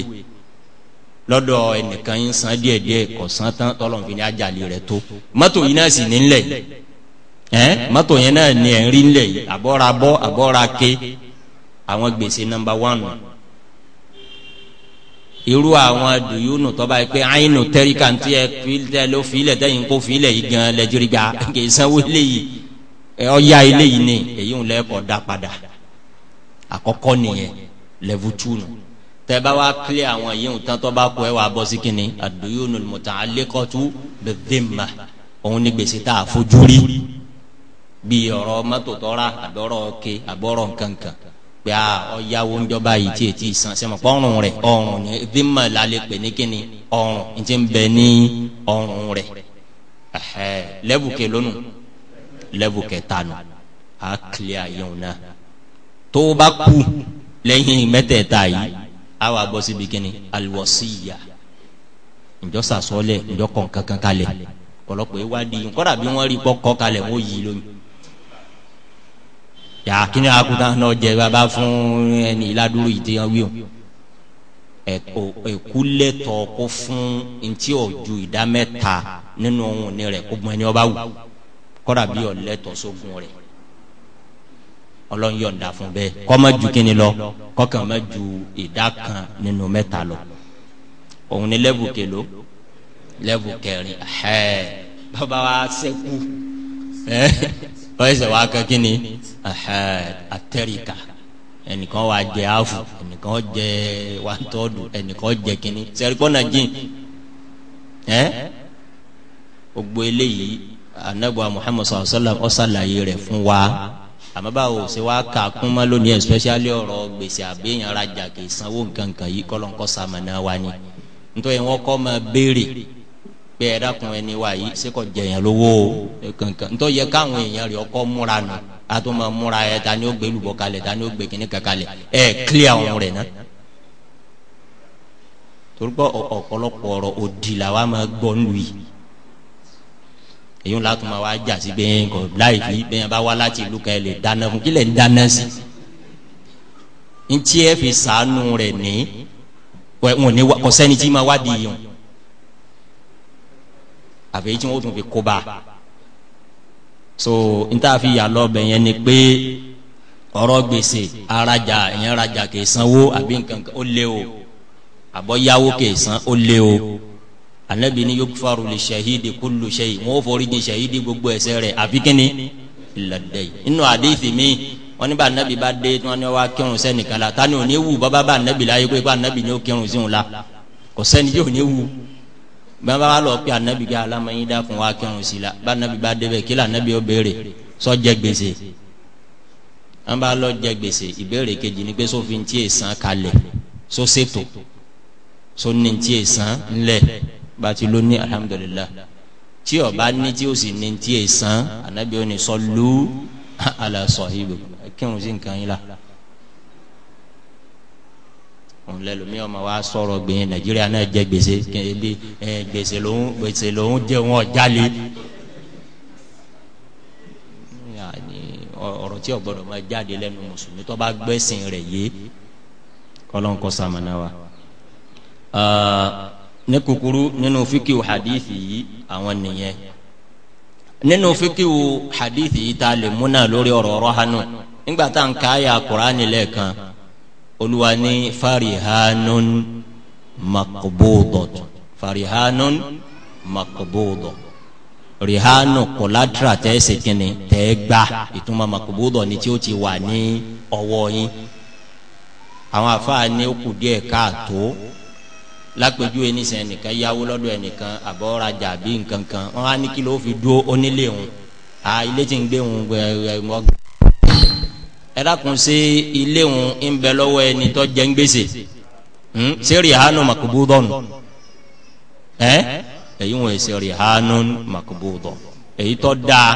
lọ́dọ̀ ẹnìkan yín san díẹ̀díẹ̀ kọ̀sán tán tọ́lọ̀fin ní ajáli rẹ̀ tó mọ́tò yìí náà sì ní ńlẹ̀ ẹ mọ́tò yẹn náà ní ẹ̀rí ńlẹ̀ yìí àbọ̀ra bọ́ àbọ̀ra ké àwọn gbèsè nọ́mbà wánù irú àwọn dùyúnù tọ́ba yìí pé àyínú tẹ́rí kàǹtí ẹ filẹ̀ ló filẹ̀ dẹ́yìn kó filẹ̀ yìí gan lẹ́jọ́rí gba kì í sanwó eléyìí ẹ ọ̀ya eléyìí ni èyí ń lẹ́kọ̀ọ́ dá padà àkọ́kọ́ nìyẹn level two nù tẹ́bá wá kílẹ̀ àwọn yìí ń tán tọ́ba kọ ẹ wà bọ́ sí kínní àdùyúnù muta'alliqatu bidhimma òun ní gbèsè tá a fojú rí bí ọ̀rọ̀ mọ́tò tọ́ra àbọ̀rọ̀ ọ̀kẹ́ pé a ah, ọ̀yàwó ń jọba yìí tí ètí ìsàn sẹ́mu ọ̀rùn rẹ̀ ọ̀rùn ní bí mà lálẹ́ pè ní kíni ọ̀rùn ní ti ń bẹ ní ọ̀rùn rẹ̀ lẹ́bùkẹ́ lónù lẹ́bùkẹ́ tanu a kílẹ̀ àyẹ̀wò náà tó o bá kú lẹ́yìn mẹ́tẹ̀ẹ̀ta yìí a wà bọ́ síbi kíni alwọ́síyà ǹjọ́ sàsọ́lẹ̀ ǹjọ́ kọ̀ọ̀kan kalẹ̀ ọ̀pọ̀lọpọ̀ ìwádìí nkọ́dà bí wọ́n rí kọ́kọ́ kalẹ̀ wọ́n yí lóyún yà kí ni akuta náà jẹ bàbá fún ẹni ìládúró ìdí wọn wí o ẹkọ ẹkulẹ tọ kó fún ntí ọjọ ìdá mẹ́ta nínú ohun ní rẹ kó gbọn ẹni ọba wù kódà bí ọlẹ tọ sógun rẹ Ọlọ́run yọ̀ǹda fún bẹ́ẹ̀ kó má ju kíni lọ kọkàn má ju ìdá kan nínú mẹ́ta lọ òun ni lẹ́bù kèló lẹ́bù kẹrin ẹ̀ẹ́ bàbá wa sẹ́kù ẹ̀ẹ́. ọ̀yẹ́sẹ̀ wa kan kí ni àtẹ̀ríkà ẹnìkan wa jẹ àfù ẹnìkan jẹ wa ẹnìkan jẹ kínní sẹ́ríkọ́nà jìn ẹ́ gbogbo eléyìí anagba muhammadu sallallahu alaihi wa sallam ọ̀sàlàyé rẹ̀ fún wa àmọ́ ṣe wá kà kún lónìí especially ọ̀rọ̀ gbèsè àbẹ́yìn arajà kì í sanwó nǹkan kan yìí sàmánà wa ni nítorí wọn kọ́ pé ẹ dákun ẹni wa yìí sẹkọ jẹyàn lówó kankan ntọ́ yẹ káwọn èèyàn rẹ ọkọ múra nù àtọ́ máa múra ẹ ta ni ó gbé lùbọ̀ kalẹ̀ ta ni ó gbé kíní kakalẹ̀ ẹ kílíà wọn rẹ̀ náà torí pé ọ̀pọ̀lọpọ̀ ọ̀rọ̀ òdì la wa máa gbọ́ nù yìí èyí ń látọ̀ máa wá jà sí bẹ́ẹ̀ kọ́ láì bá wá láti ìlú kan ẹ lè dáná fún kí lè ń dáná sí ntí fi sàánú rẹ̀ ní kò sẹ́ni tí ma wá di yìí àbẹ̀yí tí wọ́n tún fi kóbá so n ta fi yà lọ bẹ̀ yẹn ni pé ọ̀rọ̀ gbèsè arajà ìyẹn rajà kì í sanwó àbí nǹkan ó lé o àbọ̀ yáwó kì í san ó lé o anabi ni yukfaru li shahidi kullu shay wọn ò forí jìn shahidi gbogbo ẹ̀ṣẹ̀ rẹ̀ àfi kíni ìlàdẹ yìí inú àdéhìí mi wọn níbà anabi bá dé tí wọn ní wá kírun sẹ́nìkan la tani ò ní wù bàbá bá anabi la yẹ kó anabi ni ó kírun sí òun la kò sẹ́ni yóò ní wù bàbá wa lọ pé anabi gba alamayin dákun wa kírun sí la bá anabi bá débẹ̀ kí la anabi ó béèrè sọ jẹ gbèsè an bá lọ jẹ gbèsè ìbéèrè kejì ni pé sófin tí èsàn kalẹ̀ so ṣètò so ní tí èsàn ńlẹ̀ bàtí ló ní alihamudulilayi tí o bá ní tí o sì ní tí èsàn anabi ó ní sọlú alasọ ibò kírun sí nǹkan yín la òun lẹ́lòmí ọmọ wa sọ̀rọ̀ gbìyànjú nàìjíríà náà jẹ́ gbèsè kẹ́ẹ́bí gbèsè lòun gbèsè lòun jẹ́ wọn jálè. ọ̀rọ̀ tí ó gbọ́dọ̀ máa jáde lẹ́nu mùsùlùmí tó bá gbẹ́sìn rẹ̀ yé kọ́lọ́nkọ́ sàmánà wa. ní kúkúrú nínú fíkìwò hadithi yìí àwọn nìyẹn nínú fíkìwò hadithi yìí tá lè múnà lórí ọ̀rọ̀ ọ̀rọ̀ hanu nígbà tá à ń káyà kúránì lẹ́ẹ̀kan olúwa farihanun makbudot farihanun makbudot rihanu kọlátìrà tẹ́ ẹ́ sèkínni tẹ́ ẹ́ gbà ìtumọ̀ makbudot ni tí ó ti wà ní ọwọ́ yín àwọn afáà ní ó kù díẹ̀ káàtó lápẹjù ẹnìsàn ẹnìkan yáwó lọ́dọ̀ ẹnìkan àbọ̀rajà bí nkankan wọn á ní kí ló fi dúró onílé òun ilé tí ń gbé òun gbẹ ẹ ẹ dákun ṣe ilé òun ń bẹ lọ́wọ́ ẹni tó jẹ́ ń gbèsè hmm? ṣé rìhánù màkúbúdọ̀nù ẹ èyí wọn ṣe rìhánù màkúbúdọ̀ èyí tó dáa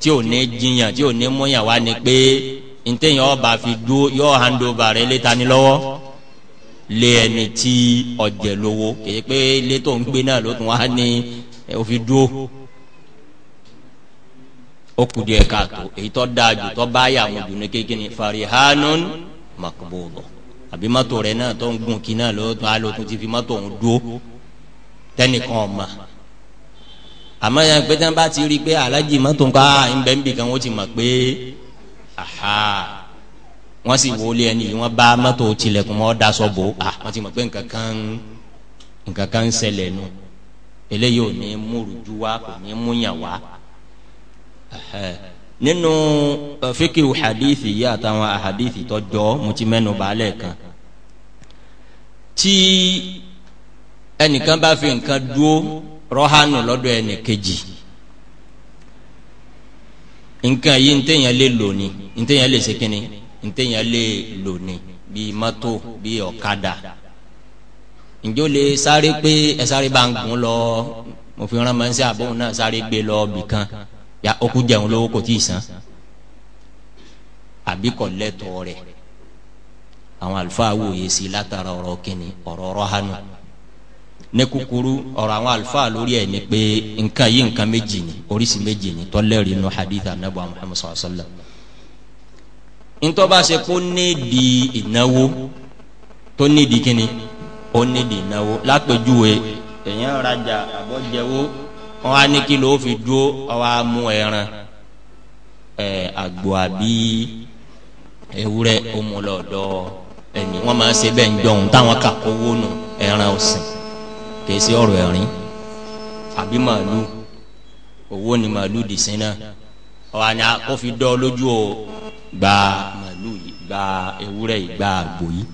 tí ò ní jiyàn tí ò ní múyàn wá ni pé ntẹ̀yìn ọba fi dúró yọ hand over rẹ léta ní lọ́wọ́ lé ẹni tí ọ̀jẹ̀ lówó kì í pé ilé tó ń gbé náà ló tún wá ní òfin ó kù èyí tó dáa jù tó bá yà wọn dùn ní kékeré farihanun àbí náà tó ń gun kí náà lọ́tọ́ ti fi mato ń dúró tẹ́nìkan ọ̀ma àmọ́ yẹn pé bá ti rí i pé alájì mọ́tò ń ká ńbẹ́ ah, ń bì kan aha wọ́n sì wọlé ẹni yìí wọ́n bá tilẹ̀kùn mọ́ daṣọ bò ah wọ́n ti mọ̀ pé nǹkan kan nǹkan kan ń eléyìí ò nínú fikiru hadithi yìí àtàwọn hadithi tó jọ mo ti mẹ́nu baálẹ̀ kan tí ẹnìkan bá fi nǹkan dúó rọ́hánù lọ́dọ̀ ẹnìkejì nǹkan yìí ntẹ̀yìn lè lò ní ntẹ̀yìn lè ṣe kínní ntẹ̀yìn lè lò ní bíi mọ́tò bíi ọ̀kadà ǹjẹ́ o lè sáré pé ẹ sáré bá ń gùn lọ mo fi rán ya okú jẹun lówó kò tí ì san àbí kò lẹ́tọ̀ọ́ rẹ̀ àwọn àlùfáà wòye sí látara ọ̀rọ̀ kìnnì ọ̀rọ̀ ọ̀rọ̀ hanu ní kúkúrú ọ̀rọ̀ àwọn àlùfáà lórí ẹ̀ ni pé nǹkan yìí nǹkan méjì ni oríṣi méjì ni tọ́lẹ́rì inú hadith anabu muhammad sallallahu alayhi wa sallam ntọ́ba ṣe kó ní di ìnáwó tó ní di kínni ó ní di ìnáwó lápèjúwe èèyàn raja àbọ̀jẹ̀wó wọn á ní kí ló fi dúró ọwọ́ á ẹran ẹ àgbò àbí ewúrẹ́ omulọdọ ẹni wọn máa ṣe bẹ́ẹ̀ ń jọhún táwọn kà kówó nù ẹran ọ̀sìn kìí ṣe ọ̀rọ̀ ẹ̀rín àbí màálù owó ni màálù dì sí náà ọwọ́ á ní kó fi dọ́ lójú o gba màálù yìí gba ewúrẹ́ yìí gba àgbò yìí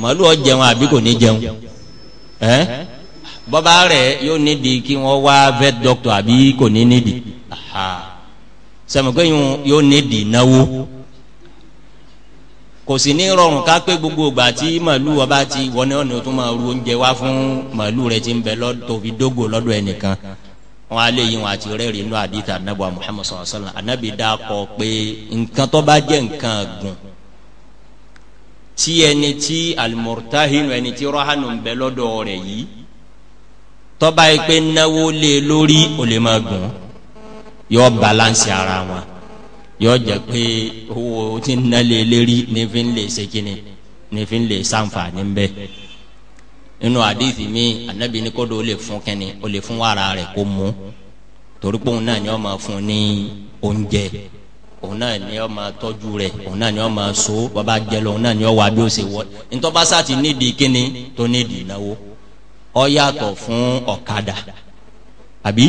màálù ọ jẹun àbí kò ní jẹun ẹ. Eh? bọ́bá rẹ̀ yóò nídìí kí wọ́n wá vet doctor àbí kò ní nídìí sẹ̀mùkẹ́ yóò nídìí náwó kò sì ní rọrùn ká pé gbogbo ìgbà tí màálù ọba ti wọnà ọ̀nà tó máa ru oúnjẹ wá fún màálù rẹ ti ń bẹ lọ́dọ̀ fi dógò lọ́dọ̀ ẹnìkan wọn á lè yín wọn àti rẹ́ẹ̀rì inú àdìtà anábọ̀ Muhammad sallallahu alaihi wasallam anábì dákọ̀ pé nǹkan tó bá jẹ́ nǹkan gùn tí ẹni tí alimọ̀tahinu ẹni tí rọ́hánu ń bẹ lọ́dọ̀ rẹ̀ yìí tọ́ba yìí pé náwó lé lórí ò lè máa gùn yọ balance ara wọn yọ jẹ pé owó tí ń ná lérí ní fi ń lè ṣe kíni ní fi ń lè ṣàǹfààní bẹ́ẹ̀ nínú àdìsí mi ànábì ní kó do ó lè fún kíni ó lè fún wàrà rẹ̀ kó mú torí pé òun náà ni wọ́n máa fún ní oúnjẹ òun náà ni ọ máa tọ́jú rẹ̀ òun náà ni ọ máa so bàbá jẹ lọ òun náà ni ọ wà bí ó ṣe wọ ntọ́ba sá ti nídìí kíni tó nídìí náwó ọ yàtọ̀ fún ọ̀kadà àbí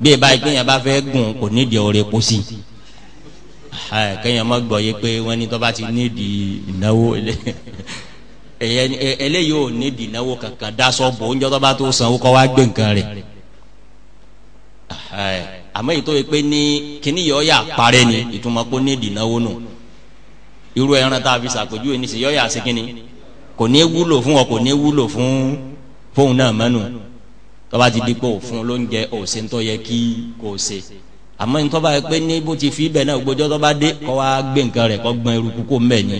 bí ẹ báyìí kéèyàn bá fẹ́ gùn kò nídìí ọ̀rẹ́ kó sí kéèyàn má gbọ́ yé pé wọ́n ní tó bá ti nídìí ìnáwó eléyìí ò nídìí ìnáwó kankan dasọ bò ń jọ tó bá tó sanwó kọ́ wá gbé nǹkan rẹ̀ àmọ́ èyí tó yẹ pé ní kíní yọ ọ́ parẹ́ ni ìtumọ̀ kó nídìí ìnáwó nù irú ẹran tá a fi sàpèjúwe ní sè yọ ọ́ sí kíni kò ní wúlò fún ọ kò ní wúlò fún fóun náà mẹ́nu tọ́ba ti di pé òfun ló ń jẹ òsè ń tọ́ kí kò ṣe àmọ́ ní tọ́ba pé ní bó ti fi ibẹ̀ náà gbọ́jọ́ tọ́ba dé kọ́ wa gbé nǹkan rẹ̀ kọ́ gbọ́n eruku kó mẹ́ ni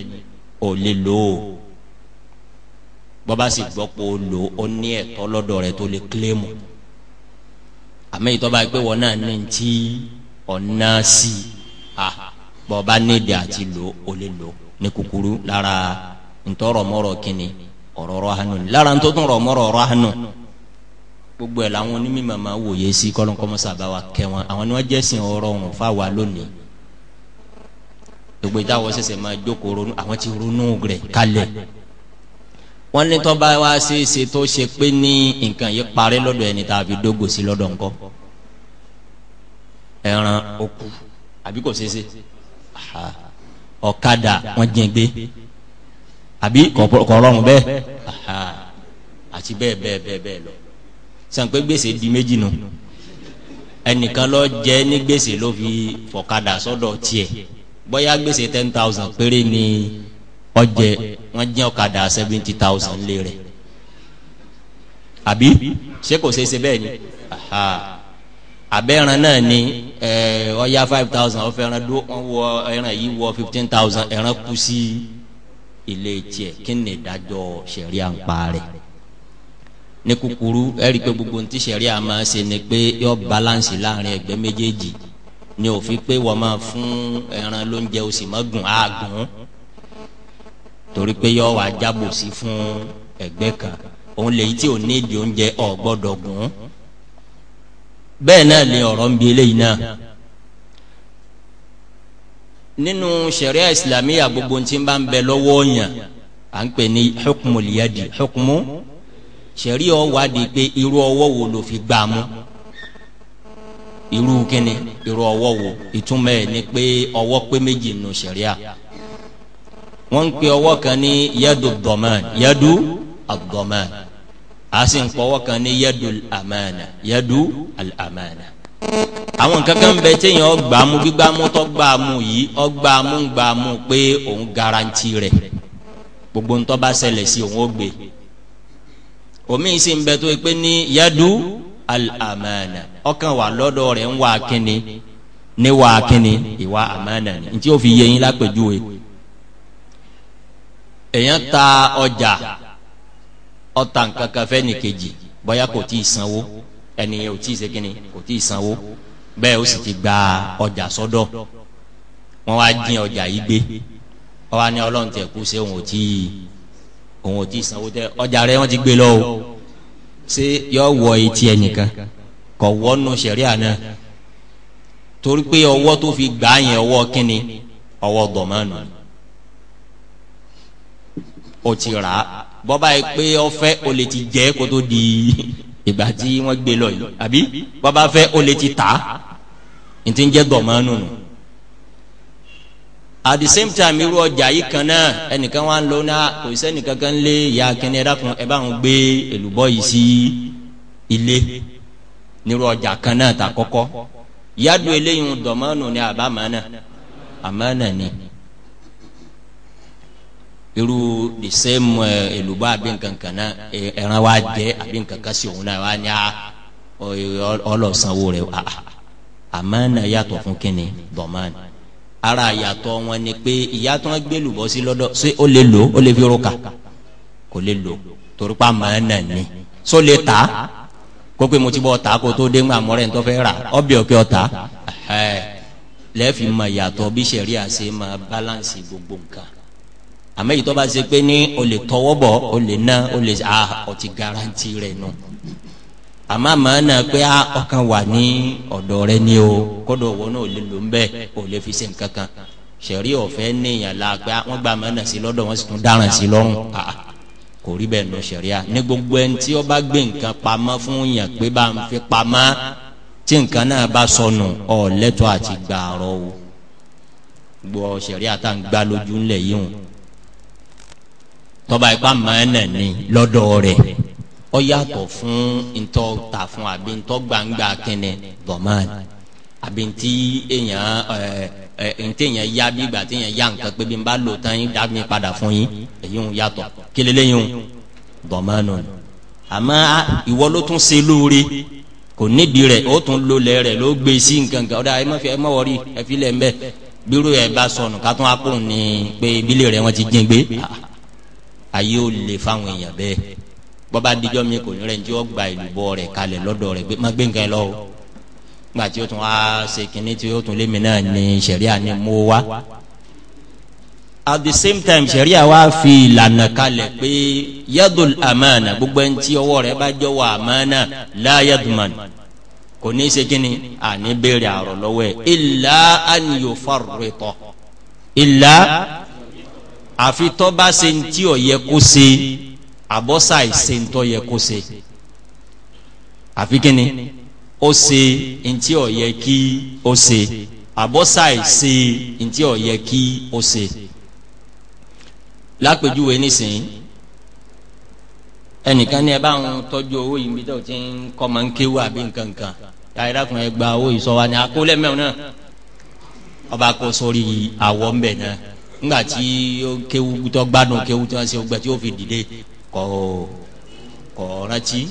ò lè lò ó bọ́ba sì gbọ́ pé ó lò ó ní ẹ̀tọ́ lọ́dọ̀ rẹ̀ tó lè kílẹ̀mù àmọ́ ìtọ́ba yẹ pé wọ́n náà ní ti ọ̀nà sí i bọ́ba nídìí àti lò ó lè lò ní kúkúrú lára ntọ́rọ̀mọ́rọ̀ kínni ọ̀rọ̀ ọ̀rọ̀ ahanu lára tó tún rọ̀ mọ́rọ̀ ọ̀rọ̀ ahanu gbogbo ẹ̀ làwọn onímọ̀ màmá wòye sí kọ́lọ́nkọ́mọ́sá bá wa kẹ́ wọn àwọn ni wọ́n jẹ́sìn ọ̀rọ̀ ọ̀rùn fáwa lónìí gbogbo ìta wọ́n ṣẹ̀ṣẹ̀ máa jókòó ronú àwọn ti ronú rẹ̀ kalẹ̀ wọ́n ní tọ́ba wa ṣe é ṣe tó ṣe pé ní nǹkan yìí parí lọ́dọ̀ ẹni tá a fi dógò sí lọ́dọ̀ ńkọ́ ẹran okú àbí kò ṣeé ṣe ọ̀kadà wọ́n jẹ́ gbé àbí kọ̀ọ̀rọ̀rùn bẹ́ẹ̀ àti bẹ́ẹ̀ bẹ́ẹ̀ bẹ́ẹ̀ bẹ́ẹ̀ lọ sànpé gbèsè di méjì nù ẹnìkan lọ jẹ ní gbèsè ló fi fọ̀kadà sọ́dọ̀ tiẹ̀ bóyá gbèsè ten thousand péré ni ọjẹ wọn jẹ ọ̀kadà seventy thousand lé rẹ̀ àbí ṣé kò ṣeé ṣe bẹ́ẹ̀ ni abẹ́ran náà ni ọya five thousand ọ̀fẹ́ ẹran dó wọn wọ ẹran yìí wọ fifteen thousand ẹran kú sí i ilé tiẹ̀ kí ni ìdájọ́ sẹ̀ríà ń pa rẹ̀ ní kúkúrú ẹ̀rí pé gbogbo ní ti sẹ̀ríà máa ṣe ni pé yọ balansi láàrin ẹgbẹ́ méjèèjì ni òfin pé wọ́n máa fún ẹran lóúnjẹ o sì àgùn torí pé yọ wà jábòsí fún ẹgbẹ́ kan òun lèyí tí ò ní ìdí oúnjẹ ọ̀ gbọ́dọ̀ náà lè ọ̀rọ̀ ń bi eléyìí náà nínú sariya islamiya gbogbo ntí bá ń bẹ lọ́wọ́ yàn ń pè ní xukumu liyadi xukumu sariya wà di pé iru ọwọ́ wo ló fi gbà mú irú kíni irú ọwọ́ wo ìtumọ̀ ẹ̀ ni pé ọwọ́ pé méjì nù sariya wọ́n ń pè kan ní yadu dọ̀mán yadu adọ̀mán a sì ń pọ̀ kan ní yadu amana yadu alamana àwọn nǹkan kan bẹ téèyàn ọgbàmú gbígbàmú tọgbàmú yìí ọgbàmú gbàmú pé òun garanti rẹ gbogbo ntọ́ bá ṣẹlẹ̀ sí òun ó gbé omi sì ń bẹ tó pé ní yadu al-amana ọkàn wà lọ́dọ̀ rẹ̀ ń wà kínni ní wà kínni ìwà amana ni ntí o fi yẹ yín lápèjúwe èèyàn ta ọjà ọta nǹkan kan fẹ́ nìkejì bóyá kò tí ì sanwó ẹnìyẹn ò tí ì ṣe kò tí ì sanwó bẹ́ẹ̀ ó sì ti gba ọjà sọ́dọ̀ wọ́n wá dín ọjà yìí gbé wọ́n wá ní ọlọ́run tẹ̀ kú sí òun ò tí òun ò tí sanwó tẹ ọjà rẹ wọ́n ti gbé lọ o ṣé yọ wọ etí ẹnìkan kọ̀ wọ́nù sẹ̀ríà náà torí pé ọwọ́ tó fi gbà yẹn ọwọ́ kínni ọwọ́ dọ̀mọ́nù o ti rà á bọ́bá yìí pé ọfẹ́ o lè ti jẹ́ kó tó di ìgbà tí wọ́n gbé lọ yìí àbí wọ́n bá fẹ́ ó lè ti tà á ntí ń jẹ́ gbọ̀mọ́ nù at the same time irú ọjà yìí kan náà ẹnìkan wà ń lọ náà kò sẹ́nìkan kan lé ìyá akẹ́ni ẹ̀dá kan ẹ̀ bá ń gbé èlùbọ́ yìí sí ilé nírú ọjà kan náà tà kọ́kọ́ yádùn eléyìí dọ̀mọ́ nù ní àbámọ́ náà àmọ́ náà ni. Amana ni irú the same eh, èlùbọ́ àbí nkankan náà eh, ẹran wa jẹ àbí nkankan sí òun náà wa ní ah, ọlọ́sanwó rẹ̀ ah, ah, àmọ́ náà yàtọ̀ fún kínní dọ̀mánì ara yàtọ̀ wọn ni pé ìyá tó ń gbé lùbọ́ sí lọ́dọ̀ ṣé ó lè lò ó lè fi rúkà kò lè lò torí pa àmọ́ náà ni ṣó lè tà á kó pé mo ti bọ́ ta kó tó dé ńgbà mọ́rẹ́ nítorí fẹ́ rà ọbẹ̀ òkè ọ̀tá lẹ́ẹ̀fì mọ̀ yàtọ̀ bí sẹ̀ríà ṣe máa báláǹsì gbogbo nǹkan àmọ́ èyí tó bá ṣe pé ní o lè tọwọ́ bọ̀ o lè ná o lè a ah, o ti garanti rẹ̀ nù àmọ́ àmọ́ náà pé a ah, ọkàn wà ní ọ̀dọ̀ rẹ ni o kọ́dọ̀ wọn náà ò lè lò ń bẹ́ẹ̀ o lè fi ṣe nǹkan kan sẹ̀rí ọ̀fẹ́ níyàn la pé ah, wọ́n gba àmọ́ náà sí lọ́dọ̀ wọ́n sì tún dáràn sí lọ́rùn kò rí bẹ́ẹ̀ nù sẹ̀ríà ní gbogbo ẹni tí ó bá gbé nǹkan pamọ́ fún yàn pé bá ń fi pamọ́ tí nǹkan náà tọba ìpá màánà ni lọ́dọ̀ rẹ̀ ọ yàtọ̀ fún ntọ́ ta fún àbí ntọ́ gbangba kẹnẹ dọ̀mán àbí ntí èèyàn ẹ ẹ ntí èèyàn yá bí ìgbà tí èèyàn yá nǹkan pé bí n bá lò tán yín dá mi padà fún yín èyí ń yàtọ̀ kílélẹ́ yín dọ̀mán nù àmọ́ ìwọ ló tún ṣe lóore kò nídìí rẹ̀ ó tún lo lẹ́ rẹ̀ ló gbé sí nǹkan kan ọ̀dà ẹ má fi ẹ má wọrí ẹ fi lẹ̀ ń bẹ́ẹ̀ bírò ẹ bá sọnù ká tún á pé ìbílẹ̀ rẹ̀ wọ́n ti dín gbé ayé ò lè fáwọn èèyàn bẹ́ẹ̀ bọ́ba díjọ́ mi kò ní rẹ̀ ní tí wọ́n gba ìlú bọ́ rẹ̀ kalẹ̀ lọ́dọ̀ rẹ̀ má gbé nǹkan lọ o tí o tún wá ṣe kínní tí o tún lémi náà ní sẹ̀ríà ni mo wá at the same time sẹ̀ríà wá fi ìlànà kalẹ̀ pé yadul amana gbogbo ẹni tí ọwọ́ rẹ̀ bá jọ wà amana la yadman kò ní ṣe kínní àní béèrè àrọ̀ lọ́wọ́ ẹ̀ illa an yufarrita illa àfi tó bá ṣe ń tí ó yẹ kó ṣe àbọ́sà ìṣe ń tó yẹ kó ṣe àfi kíni ó ṣe ń tí ó yẹ kí ó ṣe àbọ́sà ìṣe ń tí ó yẹ kí ó ṣe lápèjúwe nísìnyí ẹnìkan ní ẹ bá ń tọ́jú owó yìí níbi tó ti ń kọ́ máa ń kéwú àbí nǹkan kan yàrá kun ẹ gba owó yìí sọ wa ni àkólẹ́mẹ́wọ̀n náà ọba kò sórí àwọ̀ ńbẹ̀ náà ńgbà tí kéwu tó gbádùn kéwu tó ń ṣe ọgbẹ tí ó fi dìde kọ kọ rántí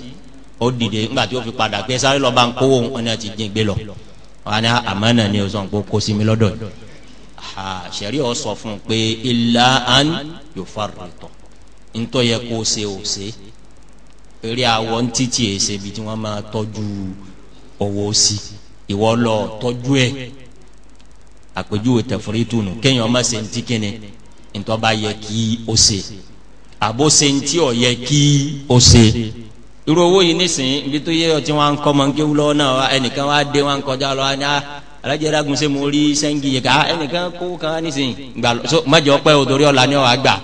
ó dìde ńgbà tí ó fi padà pé sáré lọ́ba ń kówó wọn náà ti dín gbé lọ wọn ah, ni àmọ́nà ni ọ̀sán kó kó sí mi lọ́dọ̀ yìí sẹ̀rí ọ̀ sọ fún un pé ilà án yóò fara tọ̀ ntọ́ yẹ kó ṣe ò ṣe eré awọ ntítì èsè bi tí wọ́n máa tọ́jú owó sí ìwọ lọ tọ́jú ẹ̀ àpèjúwe tẹ̀fúrítù nù kéèyàn má ṣe ntí kíni ntọ́ bá yẹ kí ó ṣe àbó ṣe ntí ọ̀ yẹ kí ó ṣe irú owó yìí nísìnyí ibi tó yẹ ọtí wọn kọ́ mọ̀ nkéwú lọ́wọ́ náà ẹnìkan wá dé wọn kọjá lọ́wọ́ ní ah, alájẹrẹ agunṣe mo rí sẹ́ńgì yìí ká ah, ẹnìkan kó kan nísìnyí gbà lọ so mọ̀jọ pẹ́ o torí ọ̀la ni ọ̀ wá gbà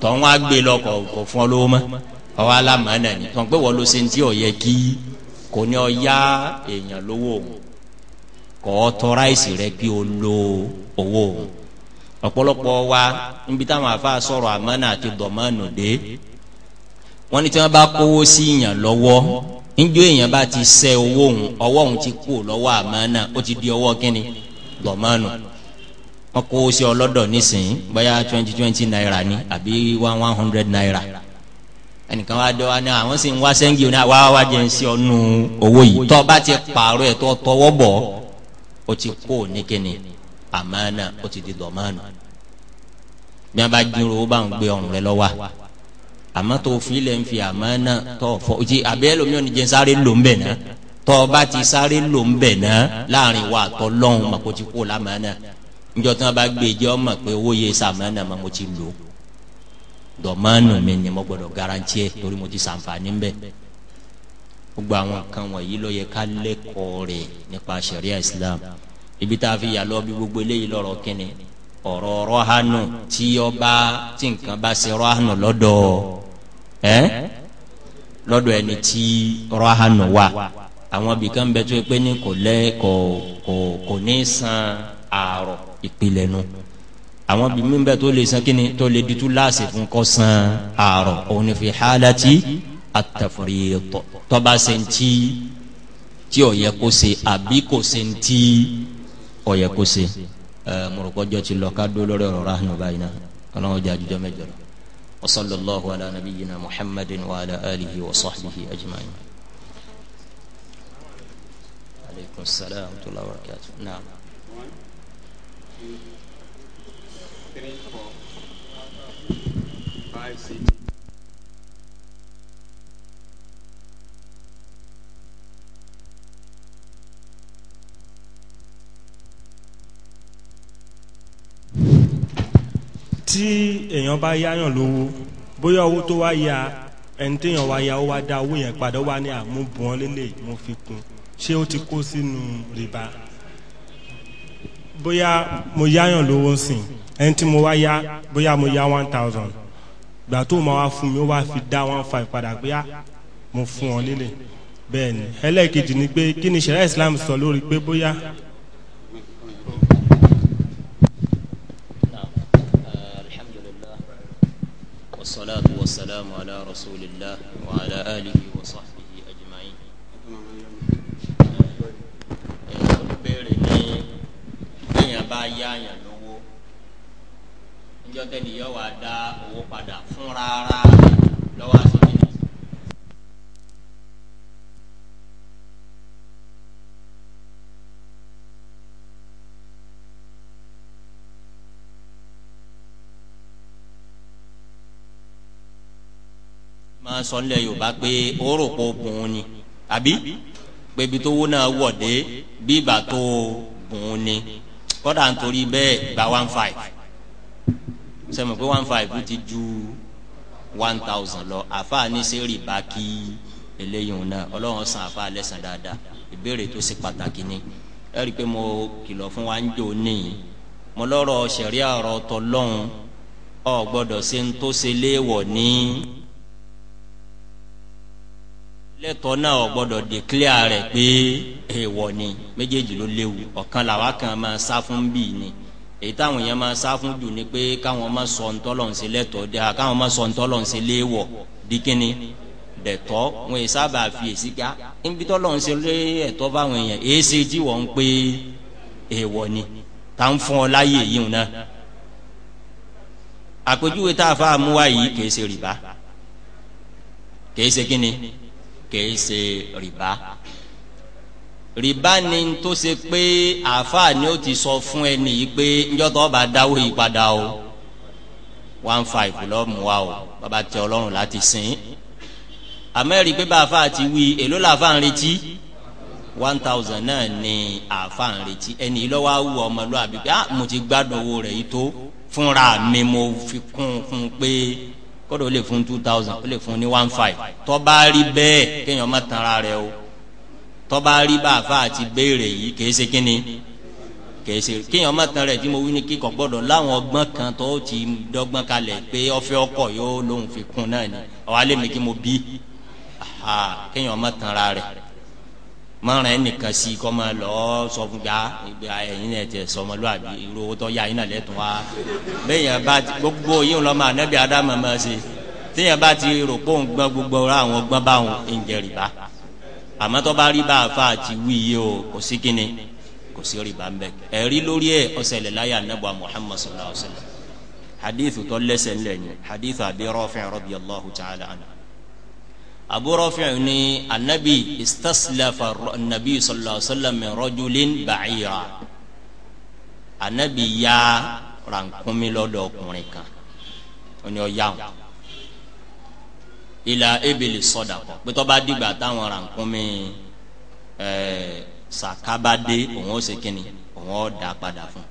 tọ́ wọn á gbé lọ kọ̀ kọ̀ fún ọ lówó mọ́ ọ wá lámàá náà ni tọ́ pé wọ́n ló ṣe ntí ọ̀ yẹ kí kò ní ọ yá èèyàn lówó òun kọ́ rẹ kí o lo owó ọ̀pọ̀lọpọ̀ wa níbi táwọn afa sọ̀rọ̀ àmọ́nà àti dọ̀mọ́nù dé wọ́n tí wọ́n bá kówó sí ìyàn lọ́wọ́ níjó èèyàn bá ti sẹ owó òun ọwọ́ òun ti kú lọ́wọ́ àmọ́nà ó ti di ọwọ́ kínní dọ̀mọ́nù wọ́n kówó sí ọlọ́dọ̀ nísìnyí twenty twenty naira ni àbí one one hundred naira ẹnìkan wá ní àwọn sì ń wá sẹ́ńgì àwa wá o ti kó nìkíni àmánà ó ti di dọ̀mánà bí wọn bá dúró ó bá ń gbé ọrùn rẹ lọ́wọ́ àmọ́ tó fi lẹ́ ń fi àmánà tó fọ́ ojú àbẹ́ ẹlòmíràn ní jẹ́ sáré ló ń bẹ̀ náà tó bá ti sáré ló ń bẹ̀ náà láàrin wa àtọ́ lọ́hùn mà kó ti kó lámánà níjọ́ tí wọ́n bá gbé jẹ́ ọmọ pé owó yẹ sàmánà mà mo ti lò dọ̀mánà mi ni mo gbọ́dọ̀ garanti ẹ̀ torí mo ti sàǹfààní ń bẹ̀ gbogbo àwọn nǹkan wọ̀nyí ló yẹ ká lẹ́kọ̀ọ́ rẹ̀ nípa sẹ̀ríà islam ibi tá a fi yà lọ bí gbogbo eléyìí lọ́rọ̀ kínni ọ̀rọ̀ rọ́hánù tí ọba tí nǹkan bá ṣe rọ́hánù lọ́dọ̀ ẹ́ lọ́dọ̀ ẹni tí rọ́hánù wà àwọn ibìkan bẹ tó yẹ pé ní kò lẹ́ kò kò ní san àárọ̀ ìpìlẹ̀ nu àwọn ibìkan bẹ tó lè san kínni tó lè di láàṣẹ fún kọ́ san àárọ̀ òun ni fi hálà atafuriyetọ tọba senti tí ó yẹ kó ṣe àbí kò senti ó yẹ kó ṣe ẹẹ mọrọkọjọ ti lọ ká dó lórí ọ̀rọ̀ rahanu báyìí náà Ọlọ́run jẹ àjùjọ mẹ́jọ lọ wa sallallahu ala nabiyyina muhammadin wa ala alihi wa sahbihi ajma'in. aleykum salaam wa rahmatulahi wa barakatuh naam. five, six. tí èèyàn bá yáyàn lówó bóyá owó tó wá ya ẹni téèyàn wá ya ó wá dá owó yẹn padà ó wá ní àmúbọ̀n lélẹ̀ mo fi kún ṣé ó ti kó sínú rìbá bóyá mo yáyàn lówó sìn ẹni tí mo wá ya bóyá mo ya one thousand gbà tó ma wá fún mi ó wá fi dá one five padà pé á mo fún ọ lélẹ̀ bẹ́ẹ̀ ẹlẹ́ẹ̀kejì ni pé kí ni sẹ́rẹ́ Islam sọ lórí pé bóyá والصلاة والسلام على رسول الله وعلى آله وصحبه أجمعين èèyàn béèrè ní èèyàn bá yá àyàn lówó níjọ́ tẹ́lẹ̀ yóò wá dá owó padà fún rárá lọ́wọ́ aṣọ máa sọ nílẹ̀ yorùbá pé òórò kò bùn ún ni àbí pé ibi tó wó náà wọ̀ dé bí ìgbà tó bùn ún ni kọ́dà nítorí bẹ́ẹ̀ gba one five sẹ́mi pé one five ti ju one thousand lọ àfáà ní sẹ́rì bá kí eléyìí hùn náà ọlọ́run san àfáà lẹ́sàn dáadáa ìbéèrè tó ṣe pàtàkì ni ẹ rí i pé mo kìlọ̀ fún wa ń jò níyì mo lọ́rọ̀ sẹ̀ríà ọ̀rọ̀ tọ́lọ́hún ọ̀ gbọ́dọ̀ ṣe ń tó ṣe léèwọ̀ ní lẹ́tọ̀ọ́ náà ò gbọ́dọ̀ declare rẹ̀ pé èèwọ̀ ni méjèèjì ló léwu ọ̀kan làwa kan máa sá fún bíi ni èyí táwọn èèyàn máa sá fún jù ni pé káwọn má sọ ntọ́lọ̀ ń ṣe lẹ́tọ̀ọ́ dẹ́ káwọn má sọ ntọ́lọ̀ ń ṣe léèwọ̀ di kíni dẹ̀tọ́ wọn èyí sábà fi èsì ká níbi tọ́lọ̀ ń ṣe báwọn èèyàn èyí tí wọ́n ń pé èèwọ̀ ni tá ń fún ọ láyè yìí náà àpèjúwe tá a fa àmúwá yìí kèé ṣe rìbá kèé ṣe kíni kìí ṣe rìbá rìbá ni tó ṣe pé àáfàá ni ó ti sọ fún ẹni yìí pé njọ́ bá dáwó yìí padà o one five lọ́mù wa o bàbá tẹ ọlọ́run láti sìn amẹ́rì pé bàbá àti wí èló làbá ń retí one thousand náà ni àáfàá ń retí ẹni yìí lọ́wọ́ awú ọmọlúwàbí pé ah mo ti gbádùn owó rẹ̀ yìí tó fúnra mi mo fi kún fún pé kódò ó lè fún two thousand ó lè fún ní one five tó bá rí bẹ́ẹ̀ kéèyàn má tanra rẹ̀ o tó bá rí bá àfa àti béèrè yìí kèé ṣe kínni kèé ṣe kéèyàn má tanra rẹ̀ tí mo wí ní kíkọ gbọ́dọ̀ láwọn ọgbọ́n kan tó ti dọ́gbọ́n kalẹ̀ pé ọ̀fẹ́ ọkọ yóò lóun fi kún náà ni ọwọ alẹ mi kí mo bí kéèyàn má tanra rẹ̀ mọ́ra ẹ̀ nìkan sí kọ́ máa lọ sọ fún gbà ìgbà ẹ̀yin náà tẹ̀ sọmọlúwàbí irú owó tó yá yín náà lẹ́tọ̀ wá bẹ́ẹ̀ yẹn bá gbogbo yín lọ́mọ anábì adama máa ṣe téèyàn bá ti rò pé òun gbọ́n gbogbo ra àwọn gbọ́n bá wọn ń jẹ rìbá àmọ́ tó bá rí bá a fa àti wí yìí o kò sí kíni kò sí rìbá ń bẹ ẹ̀rí lórí ẹ̀ ọ̀sẹ̀lẹ̀ láyà anábọ̀ Muhammad sallallahu alayhi wa sallam hadithu tó lẹ́sẹ̀ ńlẹ̀ yẹn hadithu Abi ta'ala anhu abúrọ́fẹ́ ní anabi istaslafa nabi sallallahu alayhi wa sallam min rajulin ba'ira anabi ya rankumi lọ́dọ̀ ọkùnrin kan ó ní ó yá wọn ilà ebèlè sọdà kọ pé tọ́ba dìgbà táwọn rankumi ẹ̀ sàkábàdé òun ó ṣe kínni òun ó dà padà fún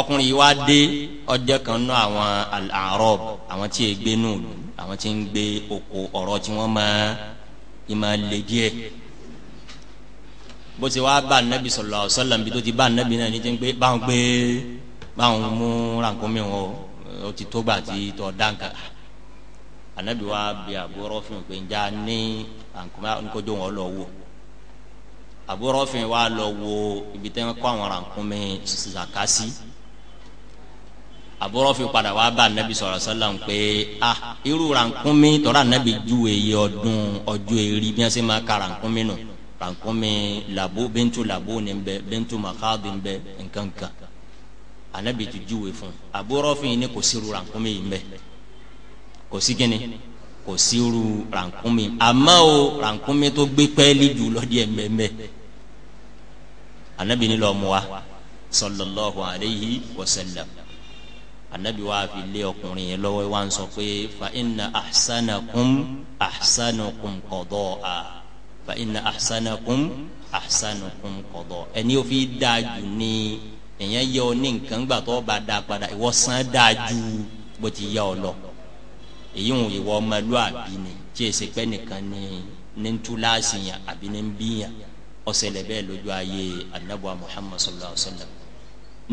ọkùnrin yìí wá dé ọjọ́ kan náà àwọn al-Arab àwọn tí e gbé nù àwọn tí ń gbé oko ọ̀rọ̀ tí wọ́n máa ń máa lè díẹ̀ bó ti wá bá anabi sallallahu alaihi wasallam bí tó ti bá anabi náà ní ti ń gbé báwọn gbé báwọn mú rànkómi wọn o ti tó gbà tí tọ́ dáǹkà anabi wa bi àbúrò fún un pé ń já ní rànkómi wọn lọ wò àbúrò wa lọ wò ibi tẹ́ ń kọ́ àwọn rànkómi sàkásí. Si àbúrò fi padà wá bá anabi sọ̀rọ̀ sọ́lá ń pé a ah, irú rànkúnmí tọ́ra anabi ju èyí ọdún ọjọ́ èrí bí wọ́n ṣe máa ka rànkúnmí nù rànkúnmí làbó bẹ́ntu làbó ni bẹ́ bẹ́ntu màkàdé bẹ́ nkankan anabi ti ju wé fún àbúrò fi ni kò sírú rànkúnmí yìí bẹ́ kò sí kíni kò sírú rànkúnmí àmọ́ o rànkúnmí tó gbé pẹ́ẹ́lí jù lọ́dí ẹ̀ mẹ́mẹ́ anabi ni lọ́ọ́ mu wa sallallahu alayhi wa sallam anabi wa fi lé ọkùnrin yẹn lọ́wọ́ wa ń sọ pé fa inna ahsanakum ahsanukum qada'a fa inna ahsanakum ahsanukum qada'a ẹni o fi dáa jù ní èèyàn yẹ ọ ní nǹkan gbà tó bá dáa padà ìwọ san dáa bó ti yẹ ọ lọ èyí ń ìwọ ọmọlúàbí ni tí èsì pẹ́ nìkan ni ní ń tú àbí ní bí yàn ọ̀sẹ̀ lẹ́bẹ̀ẹ́ lójú ayé anabuwa muhammadu sallallahu alaihi wa sallam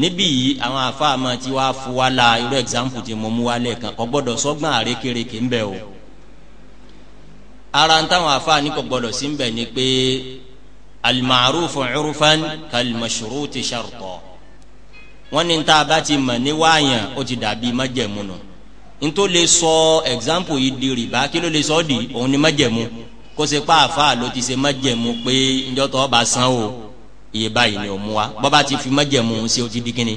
níbí yìí àwọn afáàmà tí wàá fún wa la irú ẹ̀xámpù tí mo mú wa lẹ́ẹ̀kan kò gbọ́dọ̀ sọ́gbọ́n àrékèrèké ńbẹ o ara táwọn afáàní kò gbọ́dọ̀ sí ńbẹ ni pé alimarufu urfan kalimashuruti shartọ wọn ní ta bá ti mọ̀ níwáyàn ó ti dàbí májẹ̀mú nù ntó lè sọ ẹ̀xámpù yìí di rìbá kí ló lè sọ ọ́ di òun ni májẹ̀mú kó ṣe pa àfa ló ti ṣe májẹ̀mú pé njọ́tọ̀ ọba san o iye báyìí ni o mú wa bọ́ba ti fi májẹ̀mú ń ṣe o ti di kíni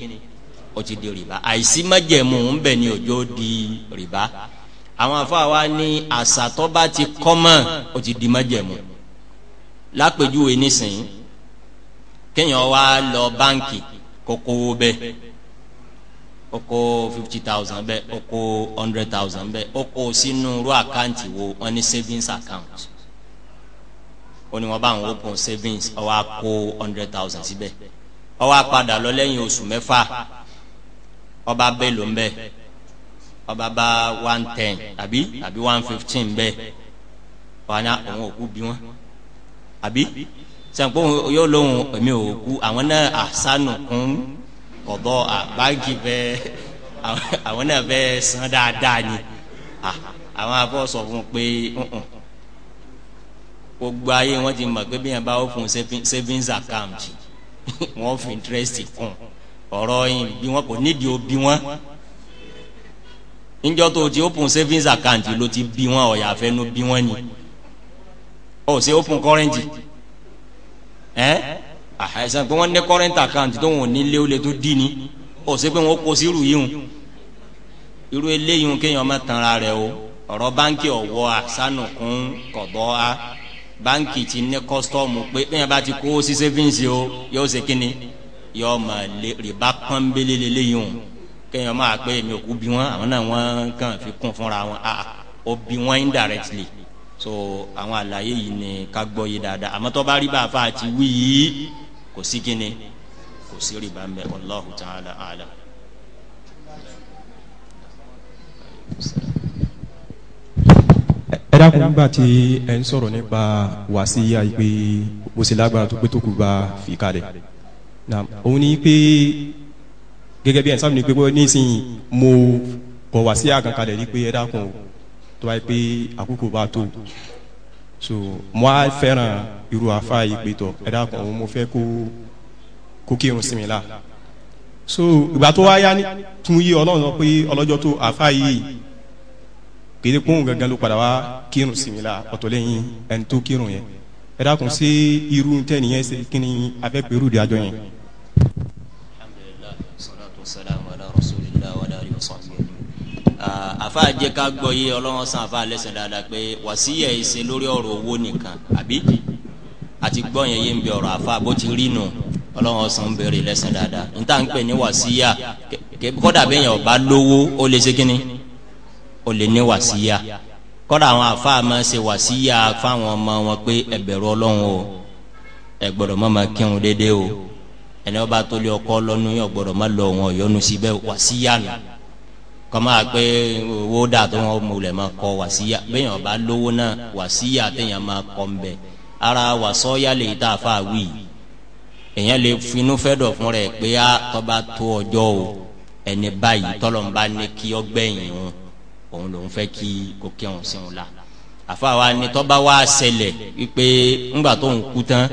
o ti di rìbá àìsí májẹ̀mú ń bẹ̀ ni òjò di rìbá àwọn afáwa ní àṣàtọ́ba ti kọ́mọ̀ o ti di májẹ̀mú lápèjúwe nísìnyí kéèyàn wá lọ báǹkì kókó bẹ́ẹ̀ oko fifty thousand bẹ́ẹ̀ oko hundred thousand bẹ́ẹ̀ oko sínú irú àkáǹtì wo wọ́n ní savings account ó ní wọn bá àwọn open savings ó wá hundred thousand síbẹ̀ ó wá padà lọ lẹ́yìn oṣù mẹ́fà ó bá ló ń bẹ́ẹ̀ ó bá one ten àbí àbí one fifteen bẹ́ẹ̀ wọn á òun òkú bí wọn àbí sànkó yóò lóhùn èmi ò kú àwọn náà àsánù kún ọ̀dọ́ àbáàgì bẹ́ẹ̀ àwọn náà bẹ́ẹ̀ san dáadáa ni àwọn abọ́ sọ fún un pé gbogbo ayé wọn ti mọ̀ pé bí yẹn bá ó fún savings account wọn fi interest kún ọrọ yìí bí wọn kò nídìí ó wọn níjọ́ tó ti open savings account ló ti bí wọn ọ̀yà àfẹnú bí ni ó ṣe open current ẹ àìsàn pé wọn ní current account tó wọn ò ní lé lè tó dì ní ó ṣe pé wọn kó sírù yìí hùn irú eléyìí kéèyàn má tanra o ọ̀rọ̀ Banki ti ní kọ́sítọ́ọ̀mù pé bẹ́ẹ̀ bá ti kó sí sẹ́fíǹsì o yóò ṣe kínni yóò mọ̀ rìbá pọ́nbélé lélẹ́yìn o kéèyàn máa pé èmi ò bí wọn àwọn náà wọn kàn fi kún fúnra wọn a ò bí wọn indirectly so àwọn àlàyé yìí ni ká gbọ́ yìí dáadáa àmọ́ tó bá rí bá a fa àti wí yìí kò sí kínni kò sí rìbá ń bẹ Allahu ta'ala a'lam ẹ dákun nígbà tí ẹ ń sọ̀rọ̀ nípa wàsíyà yìí pé bó ṣe lágbára tó pé tó kù bá fi kalẹ̀ òun ni pé gẹ́gẹ́ bí ẹ̀ ń sábà ní pé nísìnyí mo kọ̀ wàsíyà kan kalẹ̀ ní pé ẹ tó bá pé àkókò bá tó so mo á fẹ́ràn irú afá yìí pé tọ̀ ẹ mo fẹ́ kó kó kírun sí mi la so ìgbà tó wáyá tún yí ọlọ́run pé ọlọ́jọ́ tó afá yìí kéde kóhùn gangan ló padà wá kírun sinmi la ọ̀tọ̀lẹ́yìn ẹni tó kírun yẹn ẹ dákun sí irú tẹ nìyẹn ṣe kí ni afẹ́ pẹ̀lú di àjọ yẹn. alhamdulilayi salatu wa salam ala rasulillah wa alayhi wa sallam àfa jẹ ká gbọ́ yé ọlọ́wọ́n san àfa lẹ́sẹ̀ dáadáa pé wàsíyà ìṣe lórí ọ̀rọ̀ owó nìkan àbí àti gbọ́ yẹn yé ń bẹ ọ̀rọ̀ àfa bó ti rí nù ọlọ́wọ́n san ń bèrè lẹ́sẹ̀ dáadáa níta ń pè ní wàsíyà kódà bẹ́ẹ̀ yẹn ọba lówó ó lè ṣe kínní. o lè ní wàsíyà kọ́dà àwọn afa ma ṣe wàsíyà fáwọn ọmọ wọn pé ẹ Ọlọ́run o ẹ gbọ́dọ̀ má máa déédéé o ẹni wọn bá tó lé ọkọ lọ́nu yóò gbọ́dọ̀ má lọ wọn yọnu nù kọ́má pé owó dà tó wọn bẹ́ẹ̀ ọba lówó náà téèyàn kọ́ ń bẹ̀ ara lè a fà lè finú fẹ́ dọ̀ fún rẹ̀ pé a tọ́ba tó ọjọ́ o ẹni báyìí ní òun lòun fẹ́ kí kò kẹ́hùn sí òun la àfa wa ni tọ́ba wa ṣẹlẹ̀ wípé ńgbà tó ń kú tán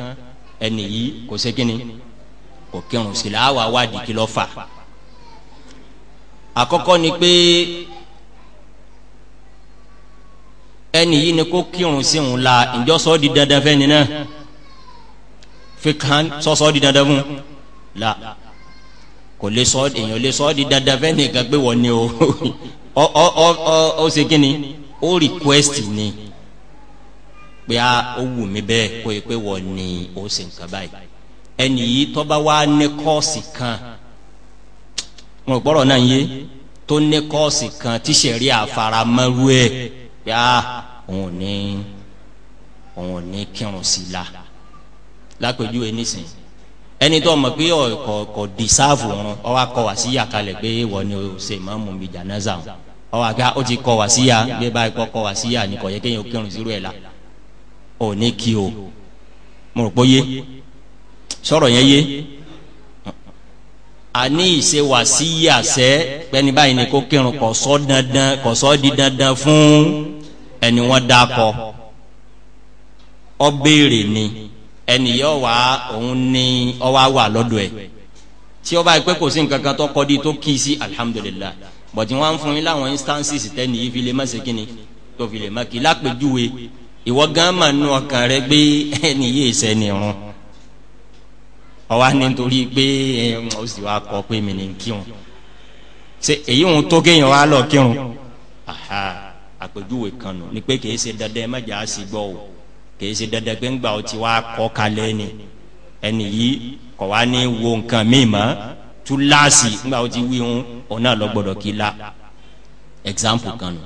ẹnì yìí kò ṣe kínni kò kírun sí la àwa wa di kìlọ̀ fà àkọ́kọ́ ni pé ẹnì yìí ni kò kírun sí òun la ǹjọ́ sọ di dandan fẹ́ nínú fi kan sọ́sọ́ di dandan fún la kò lè sọ èèyàn lè sọ di dandan fẹ́ nìkan pé wọ́n ni o ọ ọ ọ ọ ṣe kíni ó request ni pé a ó wù mí bẹ́ẹ̀ kó e pé wọ́n ní ó ṣe nǹkan báyìí ẹnì yìí tó bá wá ní kọ́ọ̀sì kan wọn gbọ́dọ̀ náà yé tó ní kọ́ọ̀sì kan tí sẹ̀rí àfaramọ́rú ẹ̀ yá òun ní òun ní kírun sí la lápèjúwe nísìnyí ẹni tó mọ̀ pé ọ̀kọ̀ kò dìsáàfù wọn ọwọ́ akọ wá sí yàkálẹ̀ pé wọ́n ní o ṣe máa mú mi jànáza wọn ọwọ àgbà ó ti kọ wá síyà bí báyìí kọ kọ wá síyà ní kò yẹ kéèyàn kírun sírú ẹ̀ la ò ní kí o mo rò pé yé sọ̀rọ̀ yẹn yé àní ìṣe wá síyà sẹ́ pẹ́ni báyìí ni kó kírun kò sọ dandan kò sọ di dandan fún ẹni wọ́n dá kọ ọ béèrè ni ẹni yọ wá òun ni ọ wá wà lọ́dọ̀ ẹ̀ tí ọ bá yẹ pé kò sí nǹkan kan tó kọ́ di tó kí sí alihamudulilayi bọ̀dí wọn fún yín láwọn instances tẹ́ni yìí fi lè má ṣe kí ni tó fi lè má kí lápèjúwe ìwọ gan mà nù ọkàn rẹ gbé ẹni yìí sẹ́ni rún ọwọ́ nítorí pé ó sì wá kọ́ pé mi ní kírun ṣe èyí ń tó kéèyàn wá lọ kírun aha àpèjúwe kan nù ni pé kì í ṣe dandan ẹ má jà á sì gbọ́ o kì í ṣe dandan pé ńgbà ó ti wá kọ́ kalẹ̀ ni ẹni yìí kọ̀ wá ní wo nǹkan míì mọ́ tulaasi nígbà wo ti wí hun ọ̀nà lọ gbọdọ̀ kí la example kan nù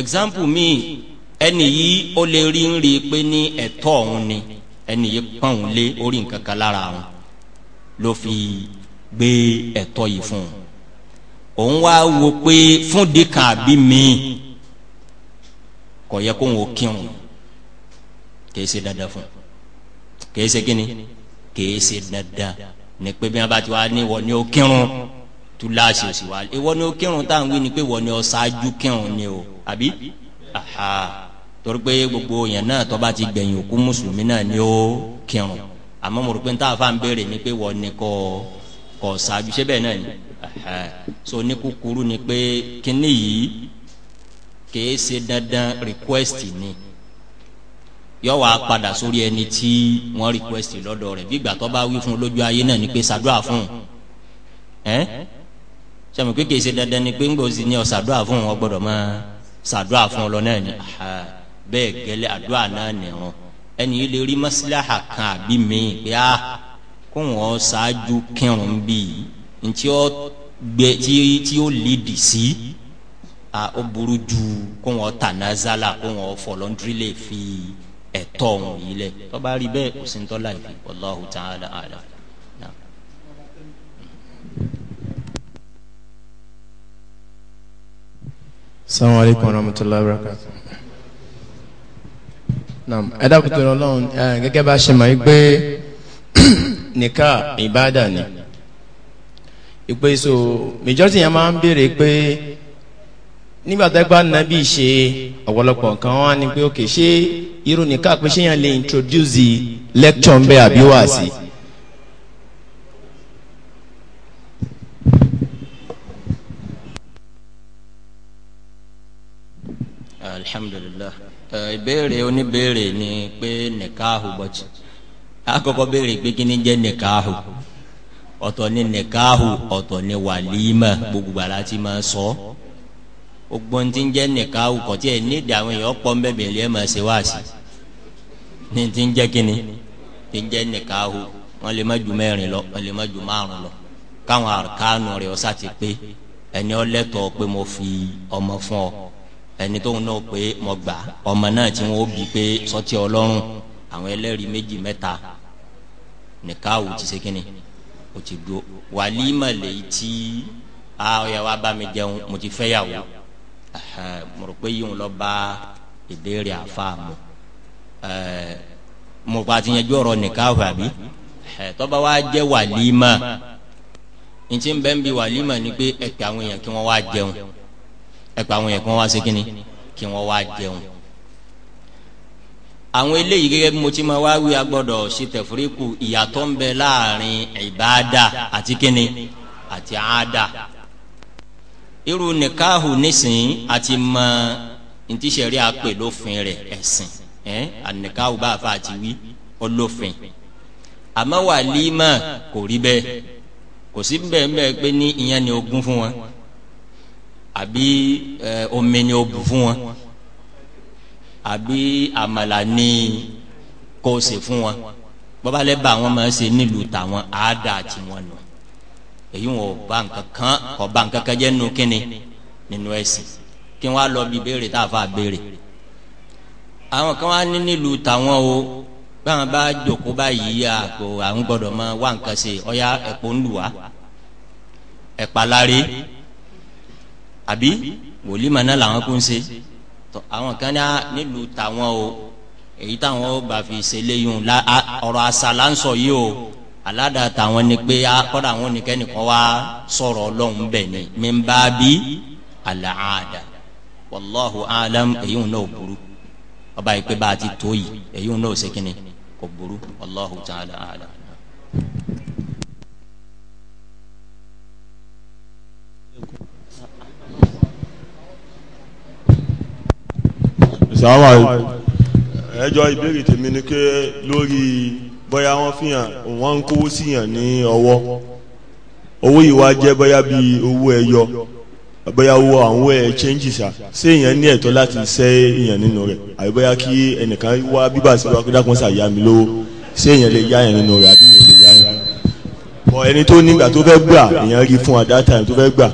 example mi ẹni yìí ó lè rí ń rí i pé ní ẹ̀tọ́ òun ni ẹni yìí pọ́n òun lé orí nǹkan kan lára òun ló fi gbé ẹ̀tọ́ yìí fún un òun wá wo pé fún dìkan àbí mi kò yẹ kó òun ò kírun kìí ṣe dandan fún un kìí ṣe kíni kìí ṣe dandan ni pé bí wọn bá ti wá ní wọ ni ó kírun tú láàṣì òsì wá ìwọ ni ó kírun tá à ń wí ni pé wọ ni ó ṣáájú kírun ni o àbí aha torí pé gbogbo yẹn náà tó bá ti gbẹ̀yìn òkú mùsùlùmí náà ni ó kírun àmọ́ mo rò pé níta àfa ń béèrè ni pé wọ ni kò kò ṣáájú ṣé bẹ́ẹ̀ náà ni aha so ní kúkúrú ni pé kíní yìí kèé ṣe dandan request ni yọ wá padà sórí ẹni tí wọ́n request lọ́dọ̀ rẹ̀ bí ìgbà tó bá wí fún lójú ayé náà ni pé ṣàdúrà fún ẹ sọmi pé ṣe dandan ni pé ńgbà òsì ni ọ ṣàdúrà fún ọ gbọ́dọ̀ máa ṣàdúrà fún ọ lọ náà ni bẹ́ẹ̀ gẹ́lẹ́ àdúrà náà nìrun ẹni yìí lè rí mọ́síláhà kan àbí mi pé a kó wọn ṣáájú kírun bíi ntí ó gbé tí tí ó lédì sí a ó burú ju kó wọn tànázálà kó wọn fọlọ́ndúrí lè fi ẹ̀tọ́ òun yìí lẹ̀ tó bá rí bẹ́ẹ̀ kò sí ń tọ́lá ìfi wallahu ta'ala a'lam. Assalamu alaikum warahmatullahi wabarakatuh. Naam, ẹ dákun gẹ́gẹ́ bá ṣe nìka ni. nígbà tó gba nàbí ṣe ọ̀pọ̀lọpọ̀ nǹkan wọn ni pé òkè ṣé irú nìkan pé ṣéyàn lè introduce lecture ń bẹ àbí wàásì. alhamdulilah ìbéèrè oníbéèrè ni pé nìkaahu bọ́tù àkọ́kọ́ béèrè pé kí ni jẹ́ nìkaahu ọ̀tọ̀ ni nìkaahu ọ̀tọ̀ ni wàlímà gbogbo àlá ti máa sọ. So ogbon ti ń jẹ́ nìkan awùkọ̀ tí ẹ̀ nídìí àwọn èèyàn pọ̀ nbẹ̀bẹ̀ lé ẹ̀ máa ṣe wá sí ní ti ń jẹ́ kínní ti ń jẹ́ nìkan awù wọ́n lè má ju mẹ́rin lọ wọ́n lè má ju márùn lọ káwọn àrùkánù rẹ̀ ọ̀sà ti pé ẹni ọlẹ́tọ̀ọ́ pé mo fi ọmọ fún ọ ẹni tóun náà pé mo gbà ọmọ náà tí wọn ó pé sọtí ọlọ́run àwọn ẹlẹ́rìí méjì mẹ́ta nìkan awù ti ṣe kínní o ti do wàlímà lèyí tí a ọ̀yà wa jẹun mo ti fẹ́ yàwó mo rò pé yíwọn lọ bá ìbéèrè àfa mu mo pa ti yanjú ọ̀rọ̀ nìkan àbí tọ́ba wa jẹ́ wàlímà ntí ń bẹ́ ń bi wàlímà ni pé ẹ pè àwọn èèyàn kí wọ́n wá jẹun ẹ pè àwọn èèyàn kí wọ́n wá ṣe kíni kí wọ́n wá jẹun. àwọn eléyìí gẹ́gẹ́ bí mo ti máa wá wí agbọ́dọ̀ ṣe tẹ̀fúríkù ìyàtọ̀ ń bẹ láàrin ìbáadà àti kíni àti àádà irú nìkáhù nísìnyí àti mọ ntíṣẹ̀rí àpè lófin rẹ̀ ẹ̀sìn ẹ̀ ànìkáhù bá a fa àti wí ọlófin àmọ́ wàlímà kò rí bẹ́ẹ̀ kò sí bẹ́ẹ̀ bẹ́ẹ̀ pé ní ìyẹn ni ogún fún wọn àbí omi ni o bù fún wọn àbí àmàlà ni kò ṣe fún wọn bọ́bá lẹ́bàá wọn máa ṣe nílùú tàwọn àádá tiwọn nù èyí wọn ò bá nǹkan kan kò bá nǹkan kan jẹ́ nínú kínni nínú ẹ̀sìn kí wọ́n á lọ bí béèrè tá a fà béèrè. àwọn kan wá ní nílùú tàwọn o báwọn bá jòkó báyìí àpò àwọn gbọ́dọ̀ máa wá nǹkan ṣe ọ̀ya ẹ̀pọ̀ ń lù wá ẹ̀pàlárí àbí wòlíì màná làwọn kún ṣe àwọn kan ní nílùú tàwọn o èyí táwọn bá fi ṣe léyìn ọ̀rọ̀ àṣà là ń sọ yìí o. aládàá tàwọn ni pé akọ́dà àwọn oníkẹ́nìkan wá sọ̀rọ̀ ọlọ́run bẹ̀ ni mímbà bí àlàáda wàláhu alam èyí ò burú ọba yìí pé bá a ti tó yìí èyí ò náà sẹ́kìnì kò burú ta'ala alam. bóyá wọ́n fi hàn wọ́n ń kówó sí yàn ní ọwọ́ owó yìí wá jẹ́ bóyá bíi owó ẹyọ bóyá owó àwọn ẹ̀ change sa ṣé èèyàn ní ẹ̀tọ́ láti ṣẹ́ èèyàn nínú rẹ̀ àbí bóyá kí ẹnìkan wá bíbà sí wákúndà kan ṣàyà mi lówó ṣé èèyàn lè yá yẹn nínú rẹ̀ àbí èèyàn lè yá yẹn. bọ̀ ẹni tó nígbà tó fẹ́ gbà èèyàn rí fún àdáta ẹni tó fẹ́ gbà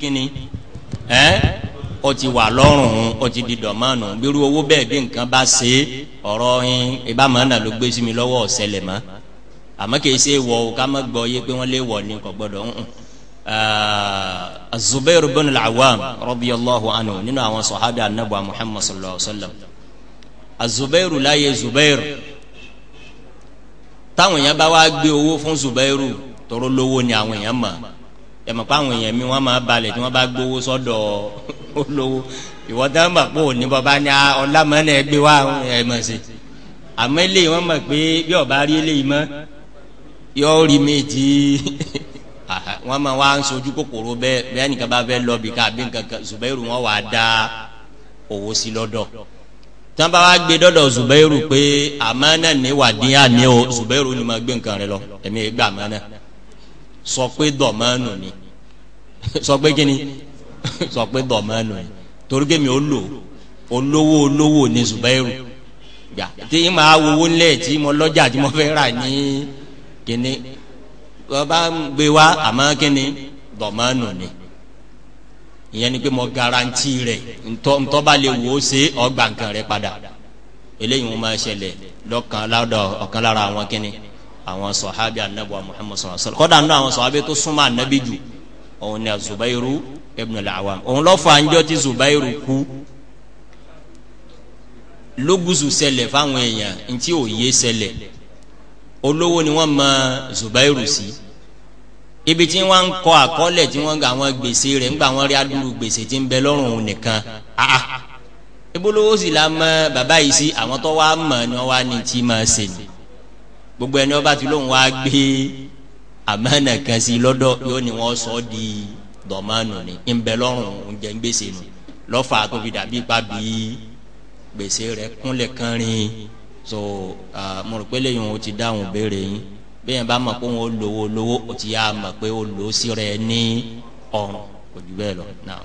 kíni ẹ ó ti wà lọ́rùn ó ti di dọ̀mánù gbèrú owó bẹ́ẹ̀ bí nǹkan bá ṣe ọ̀rọ̀ yín ìbá màánà ló gbé sí mi lọ́wọ́ ọ̀sẹ̀lẹ̀ mọ́ àmọ́ kì í ṣe wọ̀ ọ́ ká má gbọ́ yé pé wọ́n lè wọ̀ ní kò gbọ́dọ̀ ń Zubair bin al-Awwam radiyallahu anhu nínú àwọn sọ̀hábì anabu Muhammad sallallahu alayhi wa sallam azubairu láyé zubairu táwọn èèyàn bá wá gbé owó fún zubairu tọrọ lówó ni àwọn èèyàn mọ̀ ẹ̀mọ̀ pé àwọn èèyàn mi wọ́n máa balẹ̀ tí wọ́n bá gbowó sọ́dọ̀ olówó ìwọ dáhùn bá pò ní bọ́ bá ní ọlámọ́nà ẹgbẹ́ wa ẹ̀mọ̀ sí àmọ́ eléyìí wọ́n mọ̀ pé bí ọba rí eléyìí mọ́ yọ rí mi tí wọ́n máa wá ń sojú kòkòrò bẹ́ẹ̀ bẹ́ẹ̀ nìkan bá fẹ́ lọ bí ká bí nǹkan kan zùbẹ́rù wọn wà á dá owó sí lọ́dọ̀ tí bá wá gbé dọ́dọ̀ zùbẹ́rù pé àmọ́ náà ní wàdí àní o zùbẹ́rù ni mo gbé nǹkan rẹ lọ ẹ̀mí gbà àmọ́ náà sọ pé dọ̀mọ́nù ni sọ pé kíni sọ pé dọ̀mọ́nù ni torí kémi ó lò olówó olówó ní zubairu gbà tí ma wowó ńlẹ̀ tí mo lọ́jà tí mo fẹ́ rà ní kíni bàbá gbé wa àmọ́ kíni dọ̀mọ́nù ni ìyẹn ni pé mo garanti rẹ̀ ntọ́ ntọ́ bá lè wò ó ṣe ọgbà nǹkan rẹ̀ padà eléyìí wọn máa ṣẹlẹ̀ lọ́kàn ládọ̀ ọ̀kan lára àwọn kíni àwọn sọ̀hábì anabi wa muhammad sallallahu alaihi wa sallam kọ́dà nù àwọn sọ̀hábì tó súnmọ́ anabi jù òun ni zubairu ibn al-awam òun lọ́ fọ àǹjọ́ tí zubairu kú lógùsù ṣẹlẹ̀ fáwọn èèyàn ntí òye ṣẹlẹ̀ olówó ni wọ́n mọ zubairu sí ibi tí wọ́n ń kọ àkọọ́lẹ̀ tí wọ́n ga àwọn gbèsè rẹ̀ ńgbà wọ́n rí adúlù gbèsè tí ń bẹ lọ́rùn òun nìkan ah ibolówó sì la mọ bàbá yìí sí àwọn tó wàá mọ̀ ni wọ́n wá ní tí máa ṣe ni gbogbo ẹni ọba ti lóun wá gbé amánà kan sí lọ́dọ̀ yóò ní wọ́n sọ di dọ̀mánù ni ńbẹ lọ́rùn oúnjẹ ń gbèsè nù lọ́fà tó fi dàbí ipa gbèsè rẹ̀ kúnlẹ̀ kan rìn so mo rò pé lẹ́yìn o ti dáhùn béèrè yín bẹ́ẹ̀ bá mọ̀ pé wọ́n lówó lówó o ti yá mọ̀ pé o lò ó sí rẹ̀ ní ọrùn kò jù bẹ́ẹ̀ lọ náà.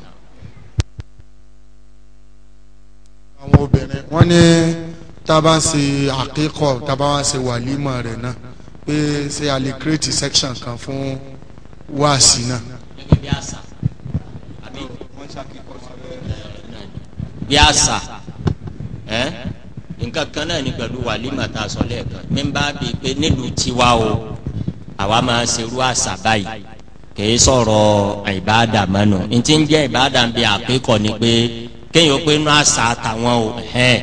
àwọn obìnrin wọ́n ní tába ń ṣe àkíkọ tába se ṣe wàlímọ̀ rẹ̀ náà pé ṣe a lè create section kan fún wáàsí náà. bí àṣà nǹkan kan náà ni pẹ̀lú wàlímọ̀ tá a sọ lẹ́ẹ̀kan mímbà bíi pé nílùú tiwa o àwa máa ṣerú àṣà báyìí kìí sọ̀rọ̀ ìbáàdà mọ́nu ntí ń jẹ́ ìbáàdà ń bi àkíkọ̀ ni pé kéèyàn pé inú àṣà àtàwọn o. Eh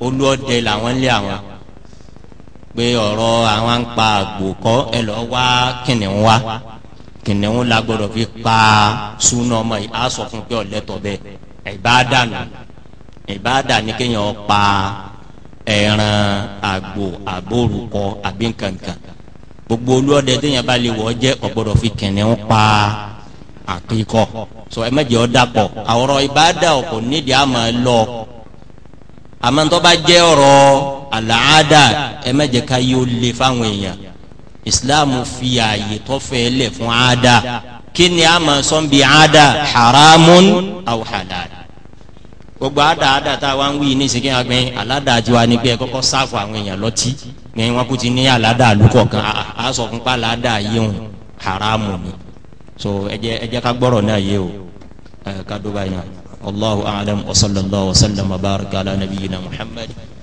olú ọdẹ làwọn lé àwọn pé ọ̀rọ̀ àwọn ń pa àgbò kọ́ ẹ lọ wá kìnìún wá kìnìún la gbọdọ̀ fi pa súnà ọmọ yìí á sọ fún pé ọ̀lẹ́tọ̀ bẹ́ẹ̀ ìbáàdà nù ìbáàdà ní kéèyàn pa ẹran àgbò àbórúkọ àbí nkankan gbogbo olú ọdẹ téèyàn bá lè wọ́ jẹ́ ọ̀gbọ́dọ̀ fi kìnìún pa àkíkọ sọ ẹ mẹ́jẹ̀ ọ́ dàpọ̀ àwòrán ìbáàdà ọ̀kọ̀ nídìí àmọ́ ẹ lọ́ọ́ àmọ́ tó bá jẹ́ ọ̀rọ̀ àlàáda ẹ má jẹ́ ká yí ó le fáwọn èèyàn islam fi ààyè tó fẹ́ lẹ̀ fún àáda kí ni a máa sọ haramun aw halal gbogbo àáda àáda tá a wá ń wí ní ìsìnkú yàgbé aláda àti wa ni pé kọ́kọ́ sáfù àwọn èèyàn lọ́tí pé wọ́n kú ti ní aláda àlùkọ̀ kan a sọ fún pa aláda yìí hùn haramu so ẹ jẹ́ ká gbọ́rọ̀ náà yé o ẹ ká dó والله أعلم وصلى الله وسلم وبارك على نبينا محمد